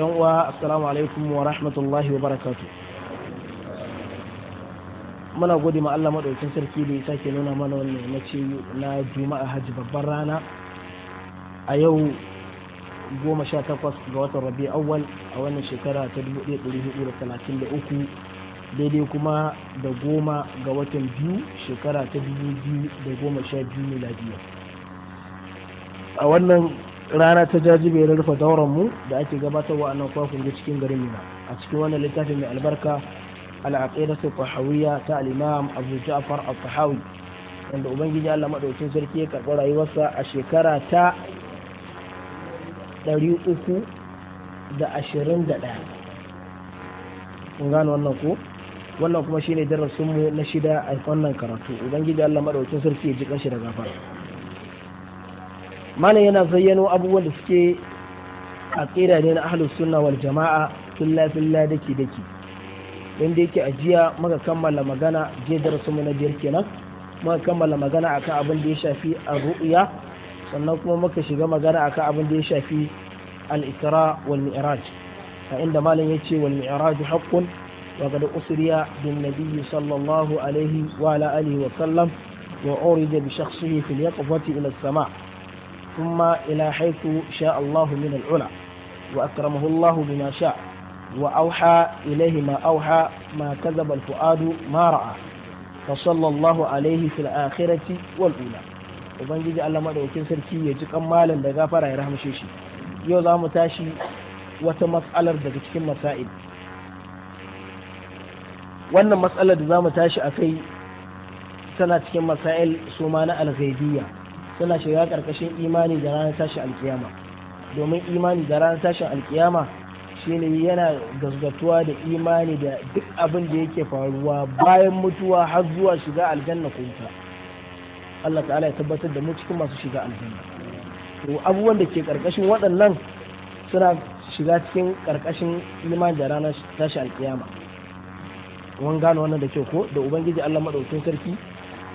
yan uwa assalamu alaikum wa rahmatullahi wa barakatu muna gode ma Allah madaukakin sarki da ya sake nuna mana wannan na ce na juma'a hajji babban rana a yau goma sha takwas ga watan rabi Awal a wannan shekara ta dubu ɗaya da da talatin uku daidai kuma da goma ga watan biyu shekara ta dubu biyu da goma sha biyu miladiya a wannan rana ta jajibe na rufe mu da ake gabatarwa a nan kwafin da cikin garin Mina a cikin wannan littafin mai albarka al su fahawiyya ta al'imam Abu Ja'far al fahawi wanda ubangiji Allah madaukakin sarki ya karɓi rayuwarsa a shekara ta ɗaya kun gano wannan ko wannan kuma shine darasinmu na shida a wannan karatu ubangiji Allah madaukakin sarki ya ji kanshi da gafara malam yana zayyano abubuwan da suke aqida ne na ahlus sunna wal jama'a filla filla dake dake wanda yake ajiya muka kammala magana je darasin mu na biyar kenan muka kammala magana akan abin da ya shafi ar-ru'ya sannan kuma muka shiga magana akan abin da ya shafi al-isra wal mi'raj a inda malam yace wal mi'raj haqqun wa qad usriya bin nabiy sallallahu alaihi wa ala alihi wa sallam wa urija bi shakhsihi fil yaqfati ila as-sama' ثم إلى حيث شاء الله من العلا وأكرمه الله بما شاء وأوحى إليه ما أوحى ما كذب الفؤاد ما رأى فصلى الله عليه في الآخرة والأولى ubangiji Allah sarki ya ji malam da gafara ya rahamshe shi yau za mu tashi wata matsalar daga cikin masail wannan matsalar da za mu tashi a kai tana cikin masail su na alghaibiyya suna shiga ƙarƙashin imani da ranar tashin alkiyama domin imani da ranar tashin alkiyama shine yana gasgatuwa da imani da duk abin da yake faruwa bayan mutuwa har zuwa shiga aljanna kunta Allah ta'ala ya tabbatar da mu cikin masu shiga aljanna to abubuwan da ke ƙarƙashin waɗannan suna shiga cikin ƙarƙashin imani da ranar tashin alkiyama mun gane wannan da kyau ko da ubangiji Allah madaukakin sarki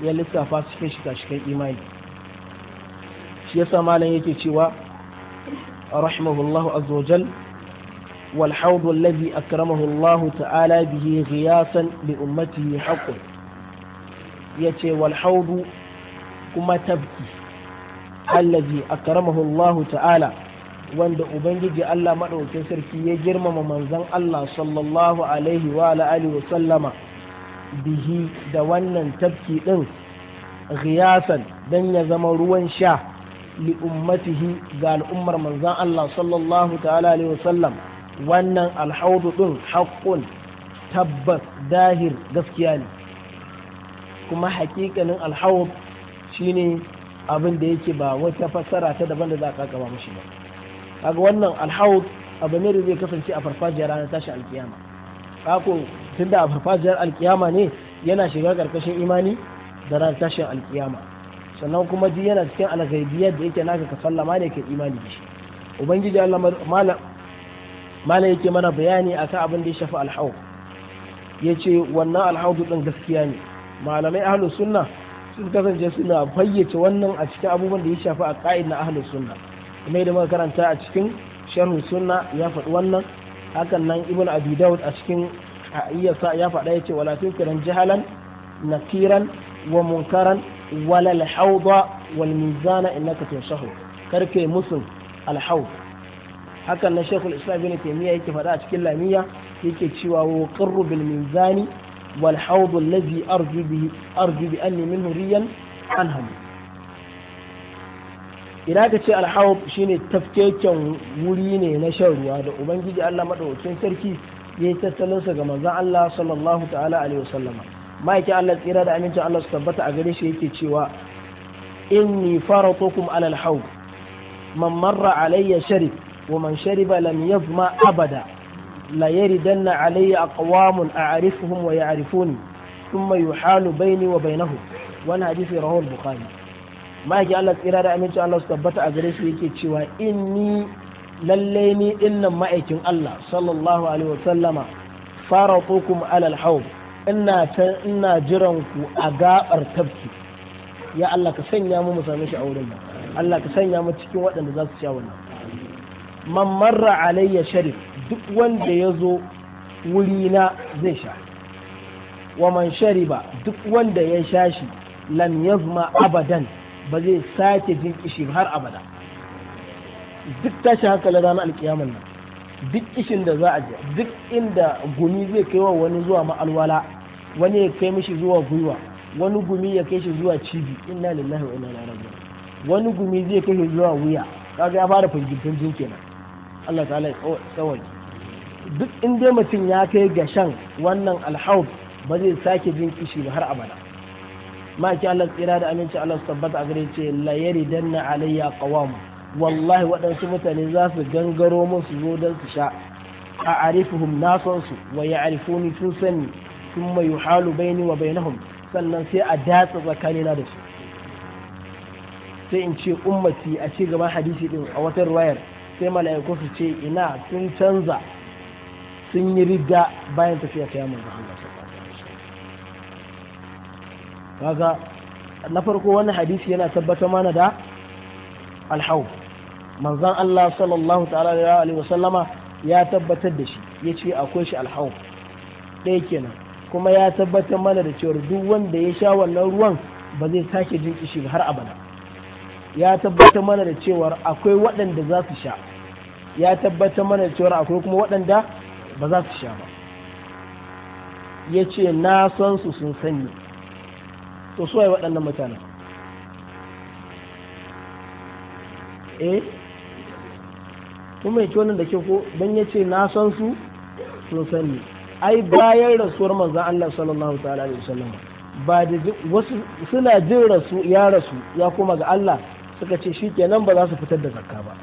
ya lissafa cikin shiga cikin imani shi yasa malam yake cewa rahimahullahu azwajal wal hawd alladhi akramahu Allah ta'ala bihi ghiyasan li ummatihi haqqun yace wal hawd kuma tabki alladhi akramahu Allah ta'ala wanda ubangiji Allah madaukakin sarki ya girmama manzon Allah sallallahu alaihi wa alihi wa sallama bihi da wannan tabki din ghiyasan dan ya zama ruwan sha li ummatihi ga al'ummar manzan Allah sallallahu ta'ala alaihi wannan alhaudu din haƙƙun tabbas dahir gaskiya ne kuma hakikanin alhaud shine abin da yake ba wata fassara ta daban da za ka kaba mashi ba kaga wannan alhaud abu ne da zai kasance a farfajiyar ranar tashi alkiyama kako tunda a farfajiyar alkiyama ne yana shiga karkashin imani da ranar tashin alkiyama sannan kuma ji yana cikin alghaibiyar da yake naka ka sallama ne ka imani da shi ubangiji Allah malam malam yake mana bayani akan abin da ya shafi alhaw yace wannan alhaw din gaskiya ne malamai ahlus sunna sun kasance suna fayyace wannan a cikin abubuwan da ya shafi a ƙa'id na ahlus sunna kuma da muka karanta a cikin sharhu sunna ya faɗi wannan hakan nan ibnu abi daud a cikin ayyasa ya faɗa yace wala tukiran jahalan nakiran wa munkaran wala الحوض والميزان انك innaka tunsahu karke الحوض alhawd hakan na shekul islam ibn taymiya yake faɗa a cikin lamiya yake cewa wa qurru bil mizani wal hawd allazi arju bi arju bi anni minhu riyan anhum ina ka ce hawd shine tafkeken wuri ne na shan ruwa da ubangiji Allah madaukakin sarki yayi tattalinsa ga manzon Allah sallallahu ta'ala alaihi wasallama ma'aikin Allah tsira da amincin Allah su tabbata a gare shi yake cewa inni faratukum alal haw man marra alayya sharif wa man shariba lam yazma abada la yaridanna alayya aqwamun a'rifuhum wa ya'rifuni thumma yuhalu baini wa bainahum wannan hadisi rawahu al-bukhari ma'aikin Allah tsira da amincin Allah su tabbata a gare shi yake cewa in inni lalle ni dinnan ma'aikin Allah sallallahu alaihi wa sallama faratukum alal haw ina can ina jiran ku a gabar tafki ya Allah ka sanya mu mu same shi a wurin nan Allah ka sanya mu cikin waɗanda za su ci wannan man marra alayya sharif duk wanda ya zo na zai sha wa man shariba duk wanda ya sha shi lam yazma abadan ba zai sake jin kishi har abada duk tashi haka la ranar alkiyamar nan duk ishin da za a je duk inda gumi zai kai wa wani zuwa ma'alwala wani ya kai mishi zuwa gwiwa wani gumi ya kai shi zuwa cibi inna lillahi wa inna ilaihi raji'un wani gumi zai kai shi zuwa wuya kaga ya fara fingirtin jin kenan Allah ta'ala ya tsawaki duk inda dai mutum ya kai ga shan wannan alhaud ba zai sake jin kishi ba har abada ma ki Allah tsira da aminci Allah su tabbata a gare ce la yaridanna alayya qawamu wallahi waɗansu mutane za su gangaro mun su zo don su sha a arifuhum na son su wa ya arifuni sun sani sun mai yuhalu baini wa bainahum sannan sai a datsa tsakanina da su sai in ce ummati a ci gaban hadisi din a wata ruwayar sai mala'iku su ce ina sun canza sun yi riga bayan tafiya ta yamun kaga na farko wannan hadisi yana tabbatar mana da alhau manzan Allah sallallahu ta'ala alaihi wasallama ya tabbatar da shi ya ce akwai shi alhau ɗaya kenan kuma ya tabbatar mana da cewar duk wanda ya sha wannan ruwan ba zai sake jin kishi har abada ya tabbatar mana da cewar akwai waɗanda za su sha ya tabbatar mana da cewar akwai kuma waɗanda ba za su sha ba ya ce na san su sun sani to suwaye waɗannan mutanen eh kuma ya ci wannan da ke ko dan ya ce na san su sun sani ai bayan rasuwar manzan Allah sallallahu ta'ala alaihi wasallam ba da wasu suna jin rasu ya rasu ya koma ga Allah suka ce shi kenan ba za su fitar da zakka ba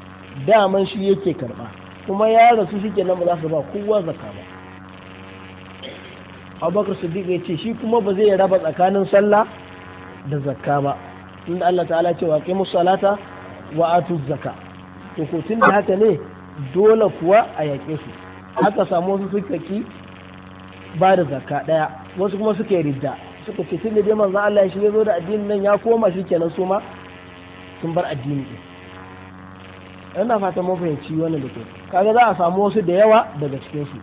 daman shi yake karba kuma ya rasu shi kenan ba za su ba kowa zakka ba abubakar siddiq ya ce shi kuma ba zai raba tsakanin sallah da zakka ba tunda Allah ta'ala ce wa qimus salata wa atuz zakka to ko tunda haka ne dole kuwa a yaƙe su aka samu wasu suka ki ba da zakka ɗaya wasu kuma suka yi ridda suka ce tun da dai manzan Allah shi ya zo da addinin nan ya koma shi kenan su ma sun bar addini ɗin ina fatan mun fahimci wannan da ke kaga za a samu wasu da yawa daga cikin su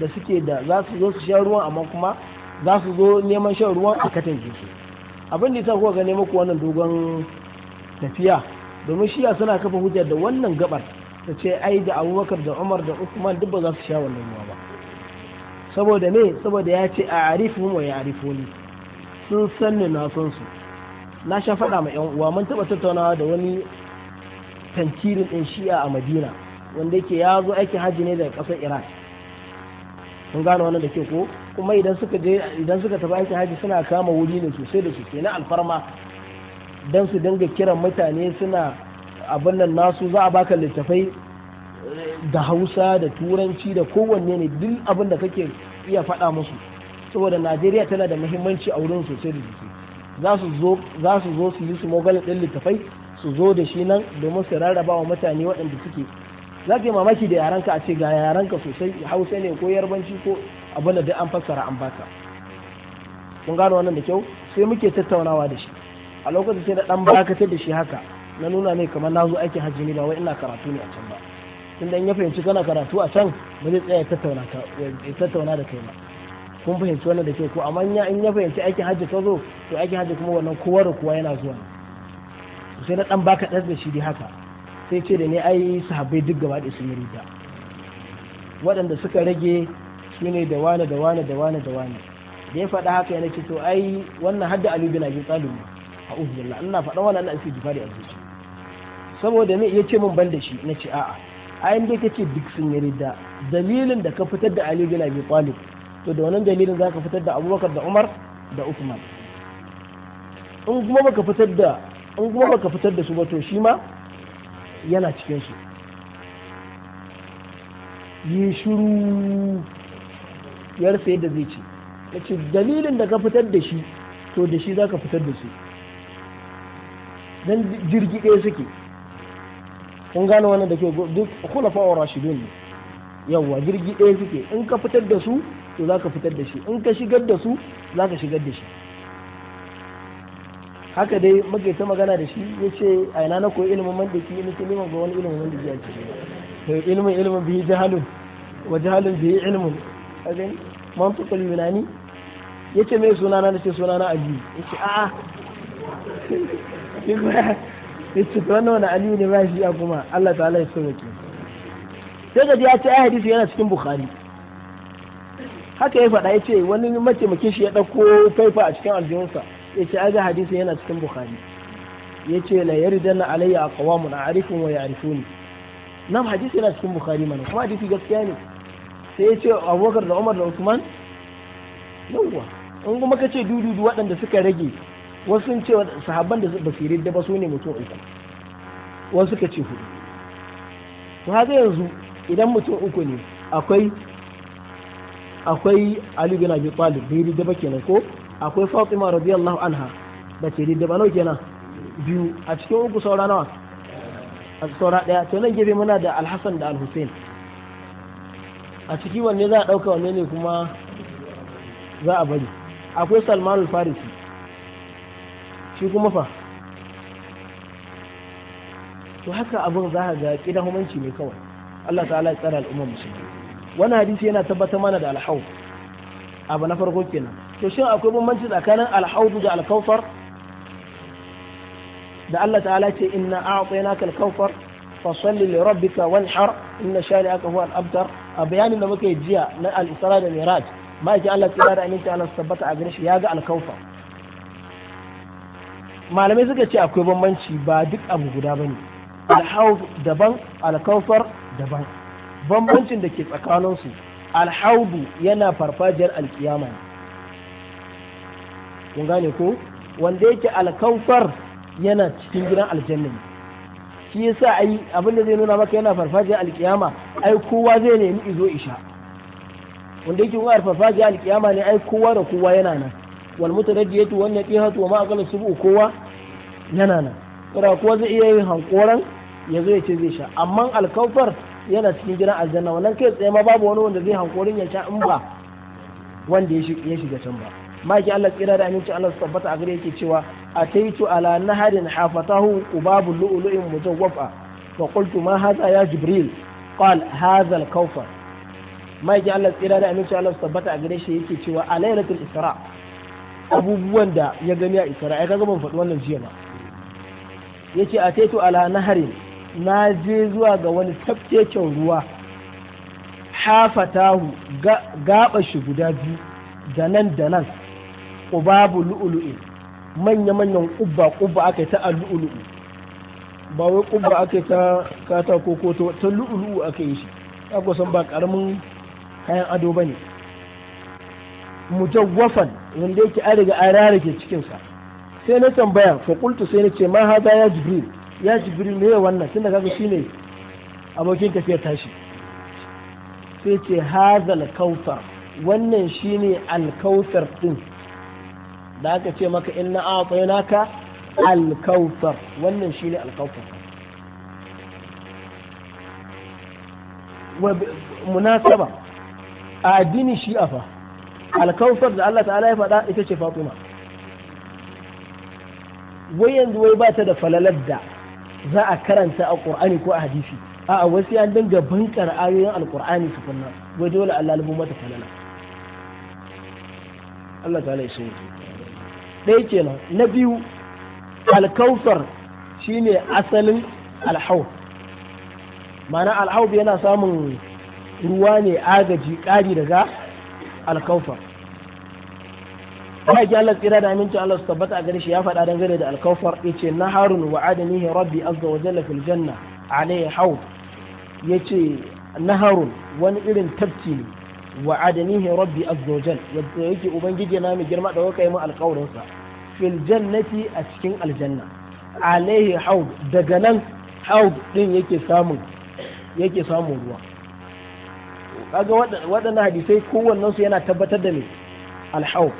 da suke da za su zo su sha ruwan amma kuma za su zo neman shan ruwan a katin su abin da ta kuka ga neman ku wannan dogon tafiya domin shiya suna kafa hujja da wannan gabar ta ce ai da abubakar da umar da usman duk ba za su sha wannan ruwa ba saboda me saboda ya ce a arifu wa ya arifuni sun san ni na son su na sha faɗa ma yan uwa mun taɓa tattaunawa da wani tankirin ɗin shi'a a madina wanda yake ya zo aikin hajji ne daga ƙasar iraq kun gane wannan da ke ko kuma idan suka je idan suka tafi aikin hajji suna kama wuri ne sosai da sosai na alfarma dan su dinga kiran mutane suna abin nan nasu za a baka littafai da hausa da turanci da kowanne ne duk abin da kake iya faɗa musu saboda najeriya tana da muhimmanci a wurin sosai da sosai za su zo su yi su mogala ɗin littafai su zo da shi nan domin su rarraba wa mutane waɗanda suke za ka yi mamaki da yaranka a ce ga yaranka sosai hausa ne ko yarbanci ko abin da duk an fassara an baka mun gano wannan da kyau sai muke tattaunawa da shi a lokacin sai da ɗan bakatar da shi haka na nuna ne kamar na zo aikin hajji ne ba wai ina karatu ne a can ba tun da ya fahimci kana karatu a can ba zai tsaya ya tattauna da kai ba kun fahimci wannan da ke ko amma in ya fahimci aikin hajji ka zo to aikin hajji kuma wannan kowa da kowa yana zuwa sai na dan baka da shi dai haka sai ce da ne ai sahabbai duk gaba da sun yi waɗanda suka rage su ne da wane da wane da wane da wane da ya faɗa haka yana ce to ai wannan hadda na bin abi a uku uzbillah ina faɗa wannan ina istighfari a zuci saboda me ce min ban da shi na ce a'a ayin dai ce duk sun yi ridda dalilin da ka fitar da Ali bin Abi Talib to da wannan dalilin zaka fitar da Abubakar da Umar da Uthman in kuma baka fitar da in kuma baka fitar da su ba to shi ma yana cikin su yi shiru yar sai da zai ce yace dalilin da ka fitar da shi to da shi zaka fitar da su dan jirgi ɗaya suke kun gane wannan da ke duk khulafa wa rashidun ne yawwa jirgi ɗaya suke in ka fitar da su to za ka fitar da shi in ka shigar da su za ka shigar da shi haka dai muke ta magana da shi ya ce a ina na koyi ilimin man da ke in ce liman ga wani ilimin man da ke ya ce ilimin ilimin bihi jahalun wa jahalun bihi ilmun azin mantukul yunani ya ce mai sunana na ce sunana abiyu ya ce a'a shi kuma ya ce wannan wani aliyu ne ba shi a kuma Allah ta'ala ya sauke sai ga ya ce ai hadisi yana cikin bukhari haka ya faɗa ya ce wani mataimakin shi ya ɗauko faifa a cikin aljihunsa ya ce ai ga hadisi yana cikin bukhari ya ce la danna alayya a a arifin wa ya arifuni nan hadisi yana cikin bukhari mana kuma hadisi gaskiya ne sai ya ce abubakar da umar da usman yawwa in kuma ka ce dududu waɗanda suka rage wasu sun ce sahabban da ba su da ba su ne mutum uku wasu suka ce hudu to haka yanzu idan mutum uku ne akwai akwai Ali bin Abi Talib bai ridda ba kenan ko akwai Fatima radiyallahu anha ba ce ridda ba nawa kenan biyu a cikin uku saura nawa a saura daya to nan gefe muna da Al-Hasan da Al-Hussein a ciki wanne za a dauka wanne ne kuma za a bari akwai Salman Al-Farisi shi kuma fa to haka abin za ka ga ƙidan ne kawai Allah ta'ala ya tsara al'ummar musulmi wani hadisi yana tabbatar mana da alhaud abu na farko kenan to shin akwai bambanci tsakanin alhaudu da alkawfar da Allah ta'ala ce inna a'tainaka alkawfar fa salli li rabbika wanhar inna shani'aka huwa al-abtar a bayanin da muka yi jiya na al-isra da miraj ma yake Allah ta'ala da aminci Allah tabbata a gare shi ya ga alkawfar malamai suka ce akwai bambanci ba duk abu guda ba ne alhauf daban alkawfar daban bambancin da ke tsakaninsu alhaudu yana farfajiyar alkiyama kun gane ko wanda yake alkawfar yana cikin gidan aljanna ne shi yasa ai abin da zai nuna maka yana farfajiyar alkiyama ai kowa zai nemi izo isha wanda yake kuma farfajiyar alkiyama ne ai kowa da kowa yana nan wal mutarajjiyatu wan naqihatu wa ma aqala subu kowa yana nan kira kuwa zai iya yin hankoran ya zo ya ce zai sha amma alkawfar yana cikin gidan aljanna wannan kai tsaye ma babu wani wanda zai hankorin ya sha in ba wanda ya shiga can ba maki Allah tsira da aminci Allah tabbata a gare yake cewa ataitu ala naharin hafatahu ubabu lu'lu'in mujawwafa fa qultu ma hadha ya jibril qal hadha al-kawfar maki Allah tsira da aminci Allah tabbata a gare shi yake cewa a isra' abubuwan da ya gani a isra'ila kaga ban faɗi wannan jiya ba yace a taito ala naharin na je zuwa ga wani tafkeken ruwa hafatahu gaba shi guda biyu da nan da nan ubabu lu'lu'i manya-manyan kubba kubba aka ta lu'lu'i ba wai kubba aka ta katako ko ta lu'ulu'u aka yi shi ya san ba ƙaramin kayan ado bane ne mujawwafan wanda yake an riga an cikin cikinsa sai na tambaya fa sai na ce ma hada ya jibril ya jibril ne wannan tunda kaga shine abokin tafiyar tashi sai ce hazal kautar wannan shine alkautar din da aka ce maka inna a'tainaka alkautar, wannan shine wa munasaba a addini shi'a fa alkawfar da Allah ta'ala ya faɗa ita ce fatima wai yanzu wai ba ta da falalar da za a karanta a ƙur'ani ko a hadisi a wasu yan dinga bankar ayoyin alƙur'ani su kunna wai dole Allah lubu mata falala Allah ta'ala ya so ɗaya kenan na biyu alkawfar shine asalin alhau, ma'ana alhau yana samun ruwa ne agaji ƙari daga alkautar ma'aikin Allah tsira da amincin Allah su tabbata a gare shi ya faɗa dangane da alkautar ya ce na harun wa adanihi rabbi azza wa jalla fil janna alayhi haud ya na harun wani irin tafki ne wa adanihi rabbi azza wa jalla yadda yake ubangiji na mai girma da waka yi mu alkawarinsa fil jannati a cikin aljanna alaihi haud daga nan haud din yake samun yake samun ruwa kaga waɗannan hadisai kowannen su yana tabbatar da me alhauf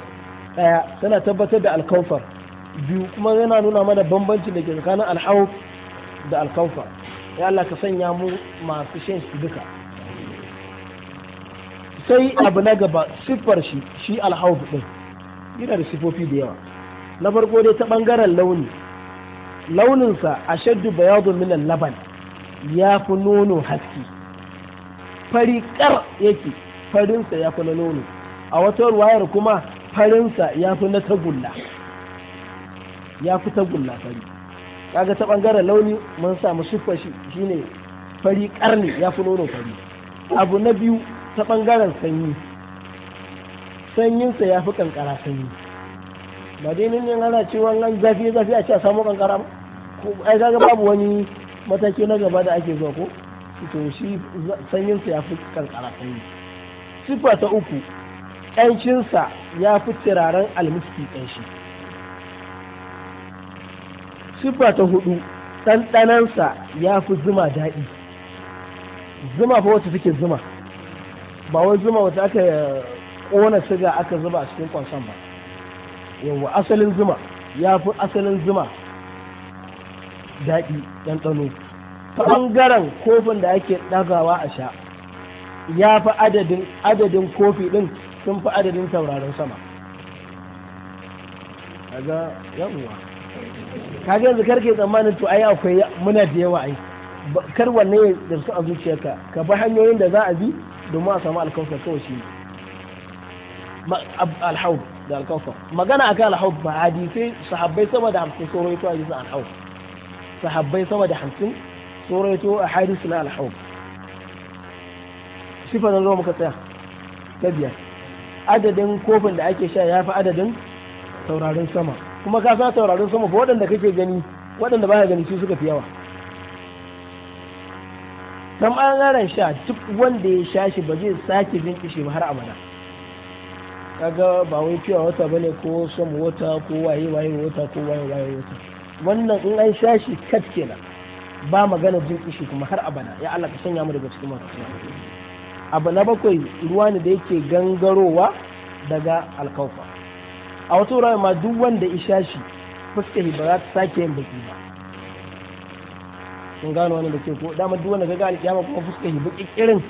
daya tana tabbatar da alkaufar biyu kuma yana nuna mana bambanci da ke tsakanin alhau da alkaufar ya Allah ka sanya mu masu shan shi duka sai abu na gaba siffar shi shi alhauf din yana da sifofi da yawa na farko dai ta ɓangaren launi launinsa a shaddu bayadun minan laban ya fi nono haske Fari fariƙar yake farinsa ya fi na nono a wata ruwayar kuma farinsa ya fi na tagulla ya fi tagulla fari kaga ta ɓangaren launi mun samu siffa shi shine fari ne, ya fi nono fari abu na biyu ta ɓangaren sanyi sanyinsa ya fi kankara sanyi ba dai nan ana cewa nan zafi zafi a ce a samu kankara ba ai kaga babu wani mataki na gaba da ake zuwa ko to shi sanyinsa ya fi kankara sanyi sifa ta uku ƙanshinsa ya fi turaren almiski ƙanshi sifa ta hudu ɗanɗanansa ya fi zuma daɗi zuma fa wacce take zuma ba wai zuma wacce aka eh, ƙona siga aka zuba a cikin ƙwansan ba yawa asalin zuma ya fi asalin zuma daɗi ɗanɗano ɓangaren kofin da ake ɗagawa a sha ya fi adadin adadin kofi ɗin sun fi adadin sauraron sama kaga yawuwa kaga yanzu karke tsammanin to ai akwai muna da yawa ai kar wanne ya darsu a zuciyarka ka bi hanyoyin da za a bi domin a samu alkawfar kawai shi ne, alhaub da alkawfar magana akan alhaub ba hadisai sahabbai sama da hamsin sun rawaito a jisun alhaub sahabbai sama da hamsin tsoraito a hadisu na alhaum sifa na zuwa muka tsaya na biyar adadin kofin da ake sha ya fi adadin taurarin sama kuma ka sa taurarin sama ba waɗanda kake gani waɗanda ba gani su suka fi yawa dan ɓangaren sha duk wanda ya sha shi ba zai sake jin kishi ba har abada kaga ba wai fiya wata bane ko son wata ko waye waye wata ko waye waye wata wannan in an sha shi kat kenan ba magana jin kishi kuma har abada ya Allah ka sanya mu daga cikin masu abu na bakwai ruwa ne da yake gangarowa daga alkaufa a wata wurare ma duk wanda isha shi fuska ba za ta sake yin baki ba kun gano wani da ke ko dama duk wanda kaga alkiyama kuma fuska hi baki irin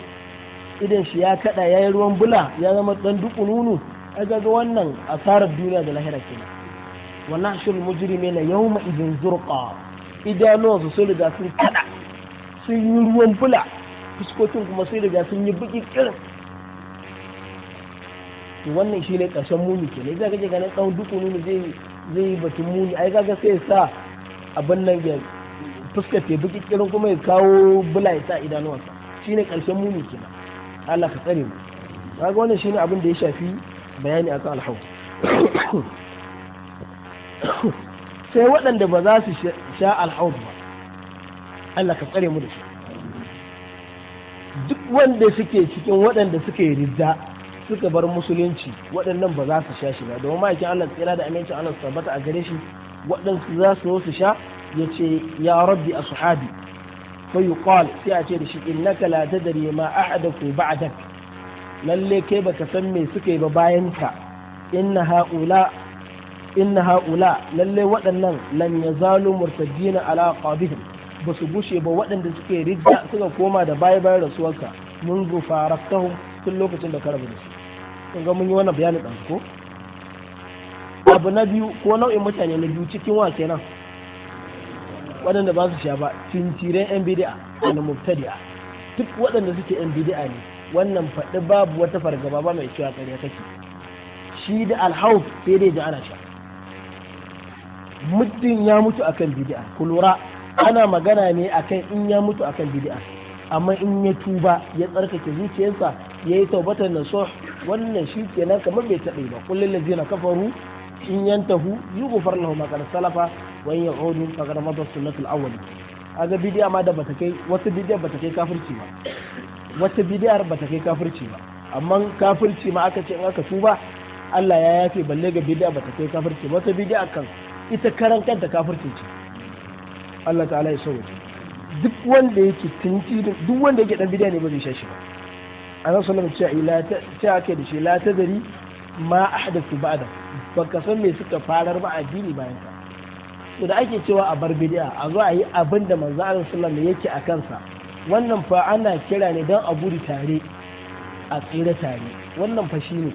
idan shi ya kada yayi ruwan bula ya zama dan dukununu ai ga wannan asarar duniya da lahira kenan wannan shirul na yawma idin zurqa idanuwansu sun riga sun kada sun yi ruwan bula fuskokin kuma sun riga sun yi baki kirin wannan shi ne ƙarshen muni ke ne za ka je ganin tsawon duku nuna zai zai yi batun muni ai kaga sai sa abin nan ya fuskar ta baki kirin kuma ya kawo bula ya sa sa shi ne ƙarshen muni ke nan Allah ka tsare mu kaga wannan shi ne abin da ya shafi bayani akan alhawu sai waɗanda ba za su sha alhaud ba Allah ka tsare mu da shi duk wanda suke cikin waɗanda suke rida suka bar musulunci waɗannan ba za su sha shi ba domin ma'aikin Allah tsira da amincin Allah tabbata a gare shi waɗansu za su su sha ya ce ya rabbi a suhabi fa yuqal sai a ce da shi innaka la tadri ma a ba'dak lalle kai baka san me suka yi ba bayan ka inna haula inna haula lalle waɗannan ya zalu murtajjina ala qabihim ba su bushe ba waɗanda suke ridda suka koma da baya bayan rasuwarka mun zu tun lokacin da ka rabu da su kun ga mun yi wannan bayani ɗan ko abu na biyu ko nau'in mutane na biyu cikin wa kenan waɗanda ba su sha ba tintiren yan bidi'a da mubtadi'a duk waɗanda suke yan bidi'a ne wannan faɗi babu wata fargaba ba mai cewa ƙarya kake shi da alhauf sai dai da ana sha muddin ya mutu akan bid'a ku lura ana magana ne akan in ya mutu akan bid'a amma in ya tuba ya tsarkake zuciyarsa ya yi taubatar so wannan shi ke nan kamar bai taɓa ba kullum da zina kafaru in yan yi yughfar lahum ma qad salafa wa in ya'udu faqad madat sunnatul a aga bidiya ma da bata kai wata bidiyar bata kai kafirci ba wata bidiyar bata kai kafirci ba amma kafirci ma aka ce in aka tuba Allah ya yafe balle ga bidiya bata kai kafirci wata bidiya kan ita karan kanta kafircin ce Allah ta'ala ya sauwa duk wanda yake tunci duk wanda yake dan bidiya ne ba zai sha shi ba annabi sallallahu alaihi wasallam ce ce ake da shi la tadri ma ahdathu ba'da ka san me suka farar ba addini bayan ka to da ake cewa a bar bidiya a zo a yi abin da manzo Allah sallallahu alaihi yake a kansa wannan fa ana kira ne dan a gudu tare a tsira tare wannan fa shine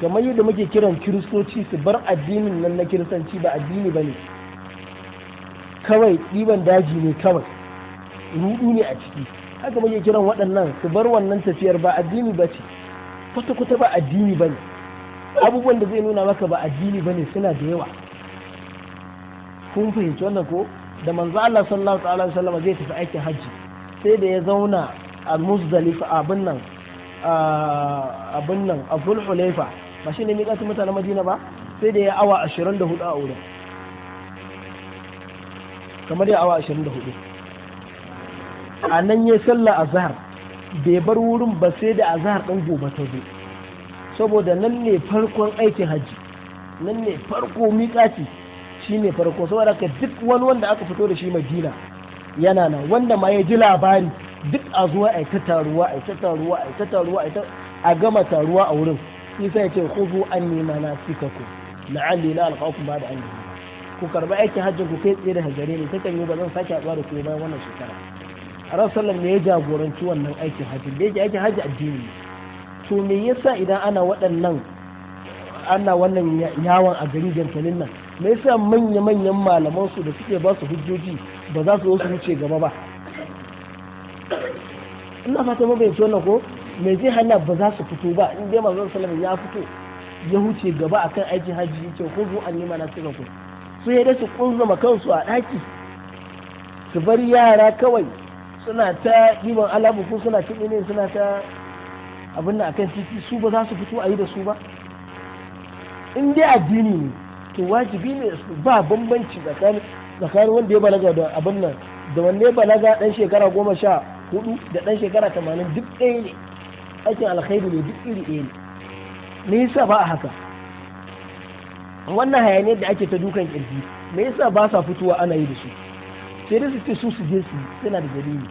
kamar yadda muke kiran kiristoci su bar addinin nan na kiristanci ba addini ba ne kawai ɗiban daji ne kawai rudu ne a ciki haka muke kiran waɗannan su bar wannan tafiyar ba addini ba ce kwata-kwata ba addini ba ne abubuwan da zai nuna maka ba addini ba ne suna da yawa kun fahimci wannan ko da manzo Allah sallallahu alaihi wasallam zai tafi aikin hajji sai da ya zauna a muzdalifa abin nan abin nan a hulaifa ba shi ne miƙatun mutanen madina ba sai da ya awa ashirin da hudu a wurin kamar ya awa ashirin da hudu a nan ya sallah a zahar bai bar wurin ba sai da a zahar ɗan gobe ta zo saboda nan ne farkon aikin hajji nan ne farko miƙaci shi ne farko saboda ka duk wani wanda aka fito da shi madina yana nan wanda ma ya ji labari duk a zuwa a ta taruwa a ta taruwa a ta taruwa a gama taruwa a wurin isa ya ce khudu anni manasikakum la'alli la ba ba'da an ku karba aikin hajji ku kai tsaye da hajjare ne ta kan yi ba zan sake haɗuwa da ku bayan wannan shekara Arab sallam ne ya jagoranci wannan aikin hajji da yake aikin hajji addini to me yasa idan ana waɗannan ana wannan yawon a gari jantalin nan me yasa manya-manyan malaman su da suke ba su hujjoji ba za su zo su wuce gaba ba ina fata mabayyanci wannan ko Mai zai hana ba za su fito ba in dai mazan salama ya fito ya huce gaba akan aikin hajji ya ce ko zo an nema na tsira ku su ya kun zama kansu a daki su bar yara kawai suna ta ɗiban alabu ko suna ta ne suna ta abin nan akan titi su ba za su fito a yi da su ba in dai addini ne to wajibi ne su ba bambanci tsakanin tsakanin wanda ya balaga da abin nan da wanda balaga dan shekara goma sha hudu da dan shekara tamanin duk ɗaya ne aikin alkhairu ne duk iri ɗaya ne me yasa ba a haka wannan hayaniyar da ake ta dukan kirji me yasa ba sa fitowa ana yi da su sai dai su ce su su je su suna da dalili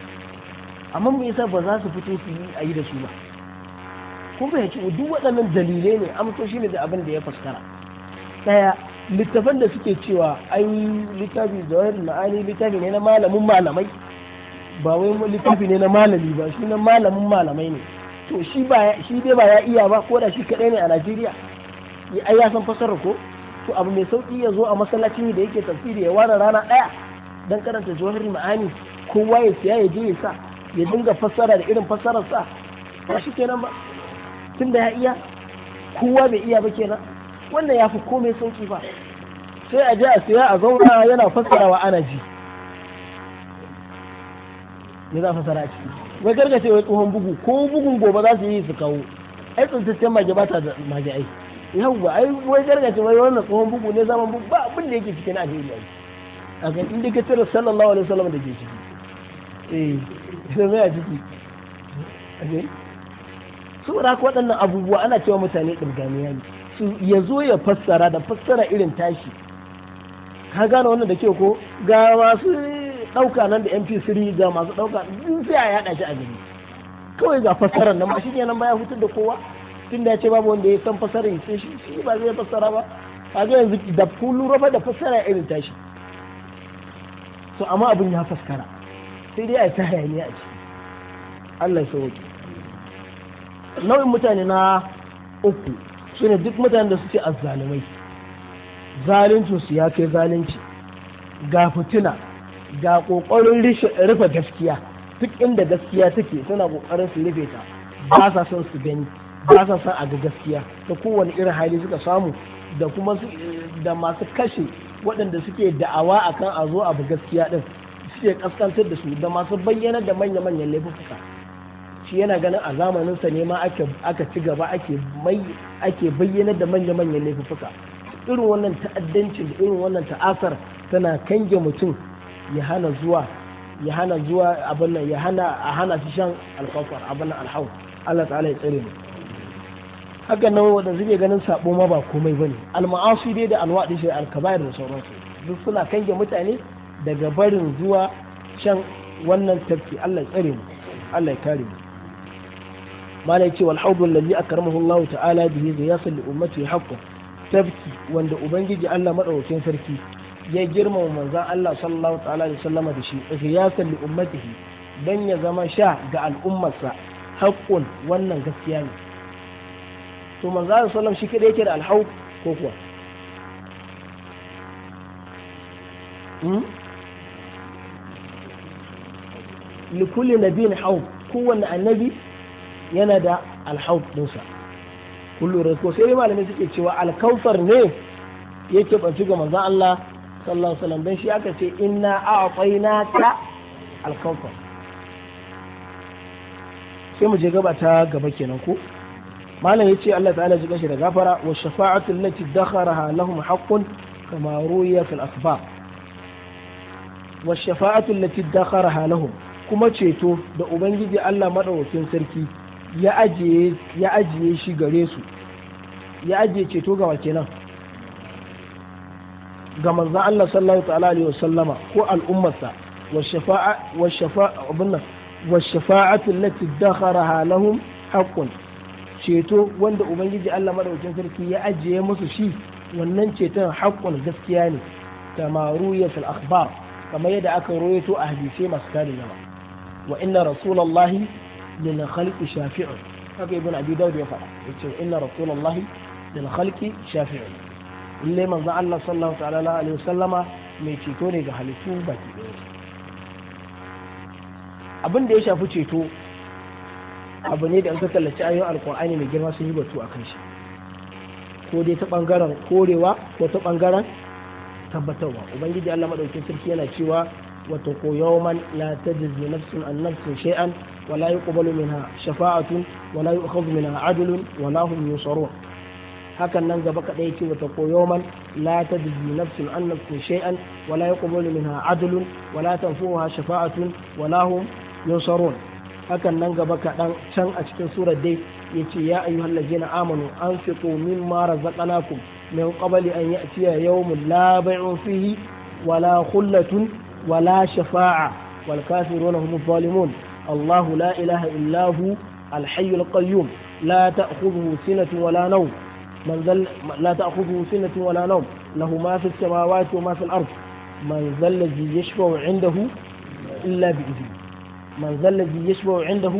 amma me yasa ba za su fito su yi a yi da su ba kun fahimci duk waɗannan dalilai ne amsa shi ne da abin da ya fuskara daya littafan da suke cewa ai littafi da wani ma'ani littafi ne na malamin malamai ba wai littafi ne na malami ba shi na malamin malamai ne to shi dai ba ya iya ba ko da shi kaɗai ne a najeriya ai ya san fasara ko to abu mai sauki ya zo a masallacin da yake tafsiri ya ware rana ɗaya dan karanta jawahir ma'ani kowa ya siya ya je ya sa ya dinga fassara da irin fassarar sa ba shi kenan ba tun ya iya kowa bai iya ba kenan wannan ya fi komai sauƙi ba sai a je a siya a zauna yana fassarawa ana ji me za a ciki wai karka wai tsohon bugu ko bugun gobe za su yi su kawo ai tsintaccen mage ba ta da mage ai yawwa ai wai karka wai wannan tsohon bugu ne zaman bugu ba abin da yake cikin ajiyar yau a kan inda ka tare sallallahu alaihi wasallam da ke ciki eh da mai ajiyar ajiyar su ra haka waɗannan abubuwa ana cewa mutane ɗirgamiya ne su ya zo ya fassara da fassara irin tashi ka gane wannan da ke ko ga masu ɗauka nan da mp3 ga masu ɗauka duk sai a yaɗa shi a gari kawai ga fassarar nan ba shi ne ba baya hutun da kowa tun da ya ce babu wanda ya san fassarar ya shi shi ba zai fassara ba a ga yanzu da kullu rafa da fassara irin tashi to amma abin ya fassara sai dai a yi ta hayaniya a ciki Allah ya sauke nau'in mutane na uku shine duk mutanen da suke azzalumai su ya kai zalunci ga fitina ga kokarin rufe gaskiya duk inda gaskiya take suna kokarin su rufe ta ba sa son su gani ba sa son a ga gaskiya ta kowane irin hali suka samu da kuma da masu kashe waɗanda suke da'awa akan a zo abu gaskiya ɗin suke kaskantar da su da masu bayyana da manya-manyan laifuka shi yana ganin a zamaninsa ne ma aka ci gaba ake bayyana da manya-manyan laifuka irin wannan ta'addancin da irin wannan ta'asar tana kange mutum ya hana zuwa ya hana zuwa abin nan ya hana a hana shi shan alkafar abin nan alhau Allah ta'ala ya tsare mu haka nan wanda zai ganin sabo ma ba komai bane alma'asi dai da alwadi shi alkabair da sauransu duk suna kange mutane daga barin zuwa shan wannan tafki Allah ya tsare mu Allah ya kare mu malai ce wal hawdu allazi akramahu Allah ta'ala bihi zai yasal li ummati haqqo tafki wanda ubangiji Allah madaukakin sarki ya girmama manzan Allah sallallahu ta'ala alaihi wasallam da shi ihyasan li ummatihi dan ya zama sha ga al'ummarsa haƙƙun wannan gaskiya ne to manzon Allah sallallahu shi kada yake da alhau ko kuwa hmm? kulli nabiyin hau kowanne annabi yana da alhauf dinsa kullu rasul sai malamai suke cewa alkaufar ne yake ci ga manzon Allah sallallahu alaihi wasallam dan shi aka ce inna a'tainaka al-kawthar sai mu je gaba ta gaba kenan ko malam yace Allah ta'ala ji kanshi da gafara wa shafa'atu allati dakharaha lahum haqqun kama ruya fil akhbar wa shafa'atu allati dakharaha lahum kuma ceto da ubangiji Allah madaukakin sarki ya ajiye ya ajiye shi gare su ya ajiye ceto ga wa kenan ga manzon Allah sallallahu ta'ala alaihi wasallama ko al'ummarsa wa shafa'a wa shafa'a abunna wa shafa'atu dakharaha lahum haqqun ceto wanda ubangiji Allah madaukakin sarki ya ajiye musu shi wannan ceton haqqun gaskiya ne kama ruya fil akhbar kamar yadda aka ruwaito a hadisai masu kare yawa wa inna rasulullahi lil khalqi shafi'un haka ibn abi dawud ya faɗa yace inna rasulullahi lil khalqi shafi'un lalle manzo Allah sallallahu ta'ala alaihi wasallama mai ceto ne ga halittu baki abin da ya shafi ceto abu ne da an ka kallaci ayoyin alkur'ani mai girma sun yi batu a kan shi ko dai ta bangaren korewa ko ta bangaren tabbatarwa ubangiji Allah madaukakin sarki yana cewa wata ko yawman la tajzi nafsun an nafsin shay'an wala yuqbalu minha shafa'atun wala yu'khadhu minha adlun wala hum yusarun hakan nan gaba kaɗai yake wata koyoman la ta dubi nafsin an nafsin shay'an wala ya kubalu a adlun wala tanfuha shafa'atun wala hum yunsarun hakan nan gaba kaɗan can a cikin surar dai yace ya ayu ladzina amanu an mimma razaqnakum min qabli an ya'tiya yawmun la bay'un fihi wala khullatun wala shafa'a wal kafiruna hum zalimun la ilaha إله إلا هو الحي القيوم la تأخذه سنة wala نوم من ذل لا تأخذه سنة ولا نوم له ما في السماوات وما في الأرض من ذا الذي يشفع عنده إلا بإذنه من ذا الذي يشفع عنده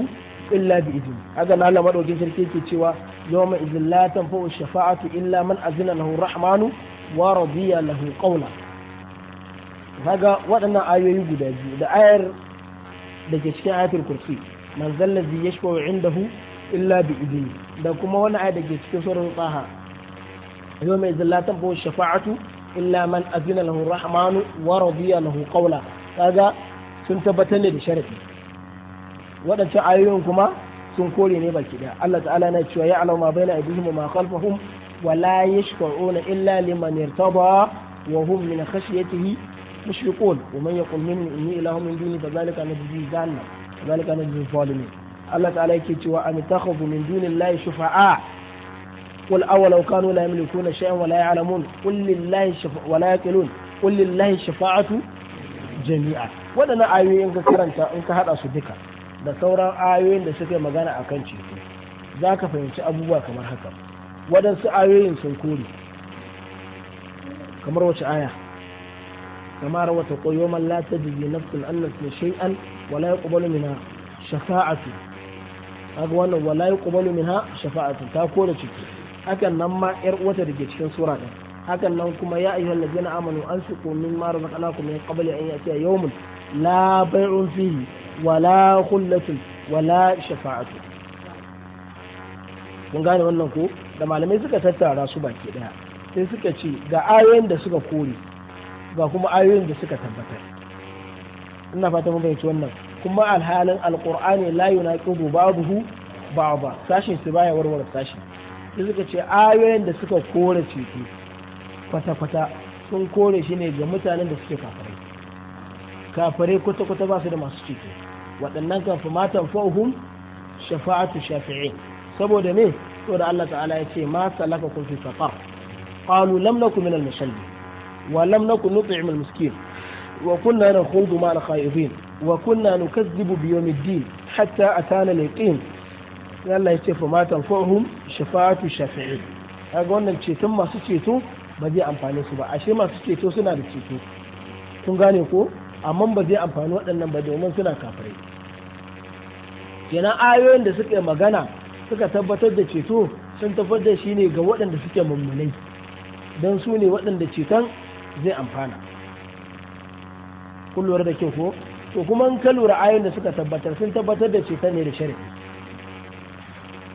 إلا بإذنه هذا لا لما رجل شركة سوى يوم إذن لا تنفع الشفاعة إلا من أذن له الرحمن ورضي له قولا هذا وأنا آية يقول هذا آية ده آية الكرسي من ذا الذي يشفع عنده illa bi idini da kuma wani aya da cikin surar tsaha yau mai zallatan bo shafa'atu illa man azina lahu rahmanu wa radiya lahu qawla kaga sun tabbatar ne da sharadi waɗancan ayoyin kuma sun kore ne baki daya Allah ta'ala na cewa ya alama baina aydihim ma khalfahum wa la yashfa'una illa liman irtaba wa hum min khashyatihi mushriqun wa man yaqul minni inni ilahun min duni fa zalika najzi jahannam ذلك نجزي Allah ta'ala yake cewa am takhudhu min dunillahi shufa'a qul awalau kanu la yamlikuna shay'an wa la ya'lamun qul lillahi shufa'a wa la yaqilun qul lillahi shafa'atu jami'a Wadana ayoyin ka karanta in ka hada su duka da sauran ayoyin da suke magana akan ceto za ka fahimci abubuwa kamar haka waɗansu ayoyin sun kore kamar wace aya kamar wata koyoman la tajidi nafsun annas shay'an wa la yaqbalu minha shafa'atu kaga wannan wala yuqbalu minha shafa'atu ta kore ciki hakan nan ma yar uwata da cikin sura din hakan nan kuma ya ayyuhal ladina amanu anfiqu mimma razaqnakum min qabli an ya'tiya yawmun la bay'un fihi wala khullatun wala shafa'atu mun gane wannan ko da malamai suka tattara su baki daya sai suka ce ga ayoyin da suka kore ga kuma ayoyin da suka tabbatar ina fata mun fahimci wannan kuma alhalin alqur'ani la yunaqidu ba'dahu ba'da sashin su baya warware sashin sai suka ce ayoyin da suka kore ceto kwata-kwata sun kore shi ne ga mutanen da suke kafirai Kafare kwata-kwata ba su da masu ceto waɗannan fa matan fa'uhum shafa'atu shafi'in saboda ne saboda Allah ta'ala ya ce ma salaka kun fi saqar qalu lam nakum min al-musallin wa lam nakum nut'im al-miskin wa kunna nakhudu ma al-khaidin wa kunna nukazzibu bi yawmiddin hatta atana al-yaqin Yalla yace fa ma tanfa'uhum shafa'atu shafi'in kaga wannan ceton masu ceto ba zai amfane su ba ashe masu ceto suna da ceto kun gane ko amma ba zai amfane waɗannan ba domin suna kafirai kenan ayoyin da suka magana suka tabbatar da ceto sun tabbatar da shi ne ga waɗanda suke mummunai don su ne waɗanda ceton zai amfana kun da kyau ko to kuma in ka lura ayoyin da suka tabbatar sun tabbatar da ceton ne da shari'a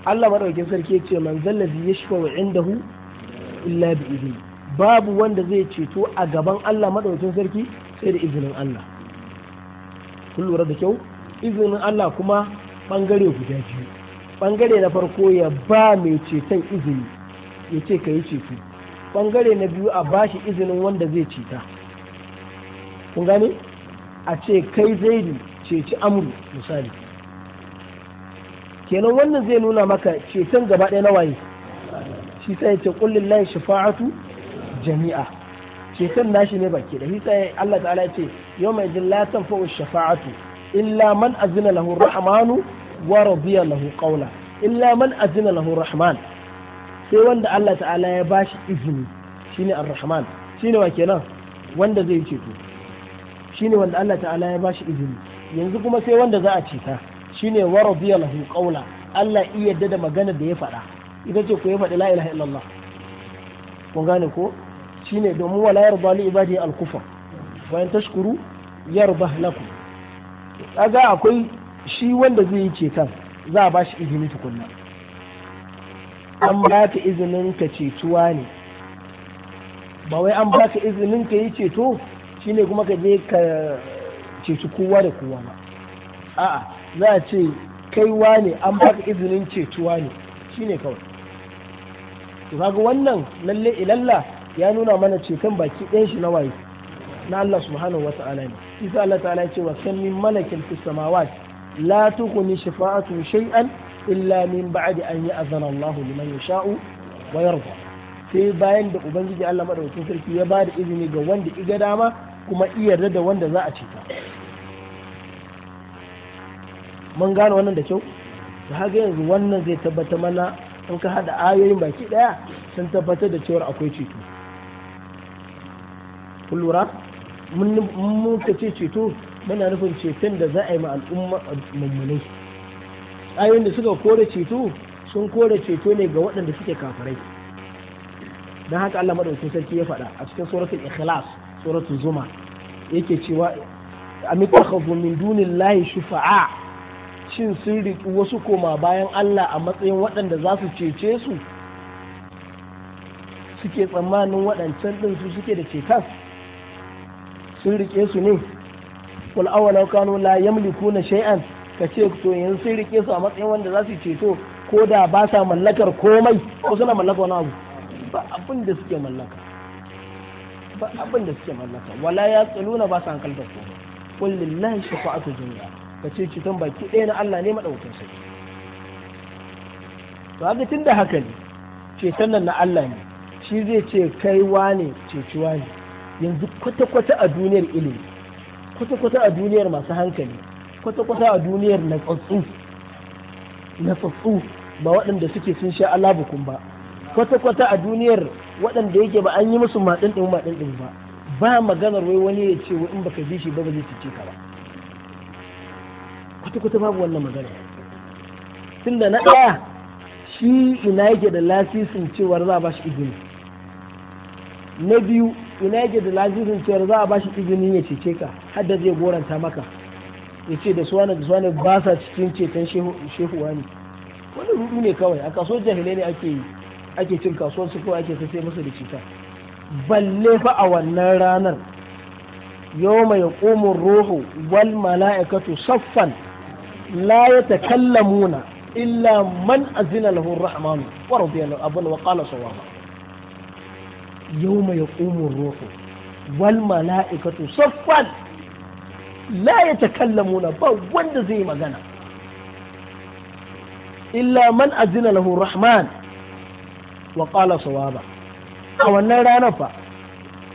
Allah maɗaukin sarki ce man zallazi wa indahu illa bi izini. babu wanda zai ceto a gaban Allah maɗaukin sarki sai da izinin Allah kun lura da kyau izinin Allah kuma bangare guda biyu bangare na farko ya ba mai ceton izini ya ce ka yi ceto bangare na biyu a bashi izinin wanda zai ceta kun gane a ce kai zaidu ceci amru misali kenan wannan zai nuna maka ceton gaba ɗaya na waye shi sai ce kullin lahi shafa'atu jami'a ceton nashi ne baki da sai Allah ta'ala ce yau mai jin la tanfa'u shafa'atu illa man azina lahu rahmanu wa radiya lahu qawla illa man azina lahu rahman sai wanda Allah ta'ala ya bashi izini shine ar-rahman shine wa kenan wanda zai ce ceto shine wanda Allah ta'ala ya bashi izini yanzu kuma sai wanda za a ceta shine wa radiyallahu qawla Allah iya yadda da magana da ya faɗa ita ce ku ya faɗi la ilaha illallah kun gane ko shine domin wala yarda li ibadi al kufa wa in tashkuru yarda lakum kaga akwai shi wanda zai yi cetan za a bashi izini tukunna an ba ka izinin ka cetuwa ne ba wai an ba ka izinin ka yi ceto shine kuma ka je ka ceci kowa da kowa ba a'a za a ce kaiwa ne an baka izinin cetuwa ne Shi ne kawai to ga wannan lalle ilalla ya nuna mana ceton baki ɗan shi na waye na Allah subhanahu wata'ala ne isa Allah ta'ala ce wa san min malakin fis samawati la tughni shafa'atu shay'an illa min ba'di an ya'zana Allah liman yasha'u wa yarda sai bayan da ubangiji Allah madaukakin sarki ya ba da izini ga wanda iga dama kuma iya da wanda za a ceta mun gane wannan da kyau da haka yanzu wannan zai tabbata mana in ka hada ayoyin baki daya sun tabbatar da cewar akwai ceto Ku lura mun ka ce ceto muna nufin ceton da za a yi ma al'umma mummunai ayoyin da suka kore ceto sun kore ceto ne ga waɗanda suke kafarai. don haka Allah madaukakin sarki ya faɗa a cikin suratul ikhlas suratul zuma yake cewa amittakhadhu min dunillahi shufa'a shin sun riƙi wasu koma bayan Allah a matsayin waɗanda za su cece su suke tsammanin waɗancan ɗin su suke da cetas sun riƙe su ne kul awalau kanu la yamlikuna shay'an ka ce to yanzu sun riƙe su a matsayin wanda za su ceto ko da ba sa mallakar komai ko suna mallaka wani abu ba abin da suke mallaka abin da suke mallaka wala ya tsaluna ba su hankalta ko qul lillahi shafa'atu jami'a kace tun baki ɗaya na Allah ne madaukakin sarki to haka tunda haka ne ceton nan na Allah ne shi zai ce kai wane ceciwa ne yanzu kwata-kwata a duniyar ilimi kwata-kwata a duniyar masu hankali kwata-kwata a duniyar na tsatsu ba waɗanda suke sun sha Allah bukun ba kwata-kwata a duniyar waɗanda yake ba an yi musu matsin ɗin matsin ɗin ba ba maganar wai wani ya ce in baka bi shi ba ba zai cice ka ba kwata-kwata babu wannan magana tunda na ɗaya shi ina yake da lasisin cewar za a ba shi izini na biyu ina yake da lasisin cewar za a ba shi izini ya cece ka har da zai goranta maka ya ce da suwane da suwane ba sa cikin ceton shehuwa ne wani rudu ne kawai a kaso jahilai ne ake yi ake cin kasuwar kawai ko ake sai musu da cuta balle fa a wannan ranar Yau mai yaqumu ruhu wal mala'ikatu saffan la ya ta yatakallamuna illa man azina lahu ar-rahman wa radiya lahu abun wa qala sawaba mai yaqumu ruhu wal mala'ikatu saffan la ya ta yatakallamuna ba wanda zai magana illa man azina lahu ar-rahman wa qala sawaba a wannan ranar fa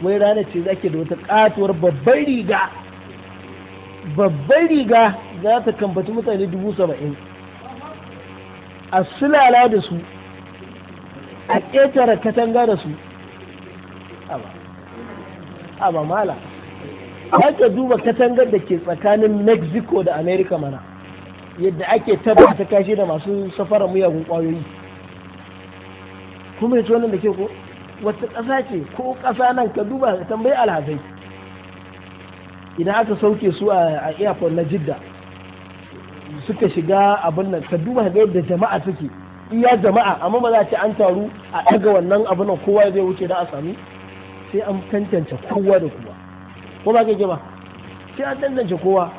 wai rana ce zake da wata ƙatuwar babbar riga babbar riga za ta kambaci mutane dubu saba'in a sulala da su a ƙetare katanga da su aba mala ake duba katangar da ke tsakanin mexico da america mana yadda ake tabbata kashe da masu safarar miyagun ƙwayoyi kuma yace wannan da ke ko wata ƙasa ce ko ƙasa nan ka duba tambayi alhazai idan aka sauke su a airport na jidda suka shiga abin nan ka duba ga yadda jama'a suke iya jama'a amma ba za a ce an taru a ɗaga wannan abin nan kowa zai wuce da a sami sai an tantance kowa da kowa ko ba ke ba sai an tantance kowa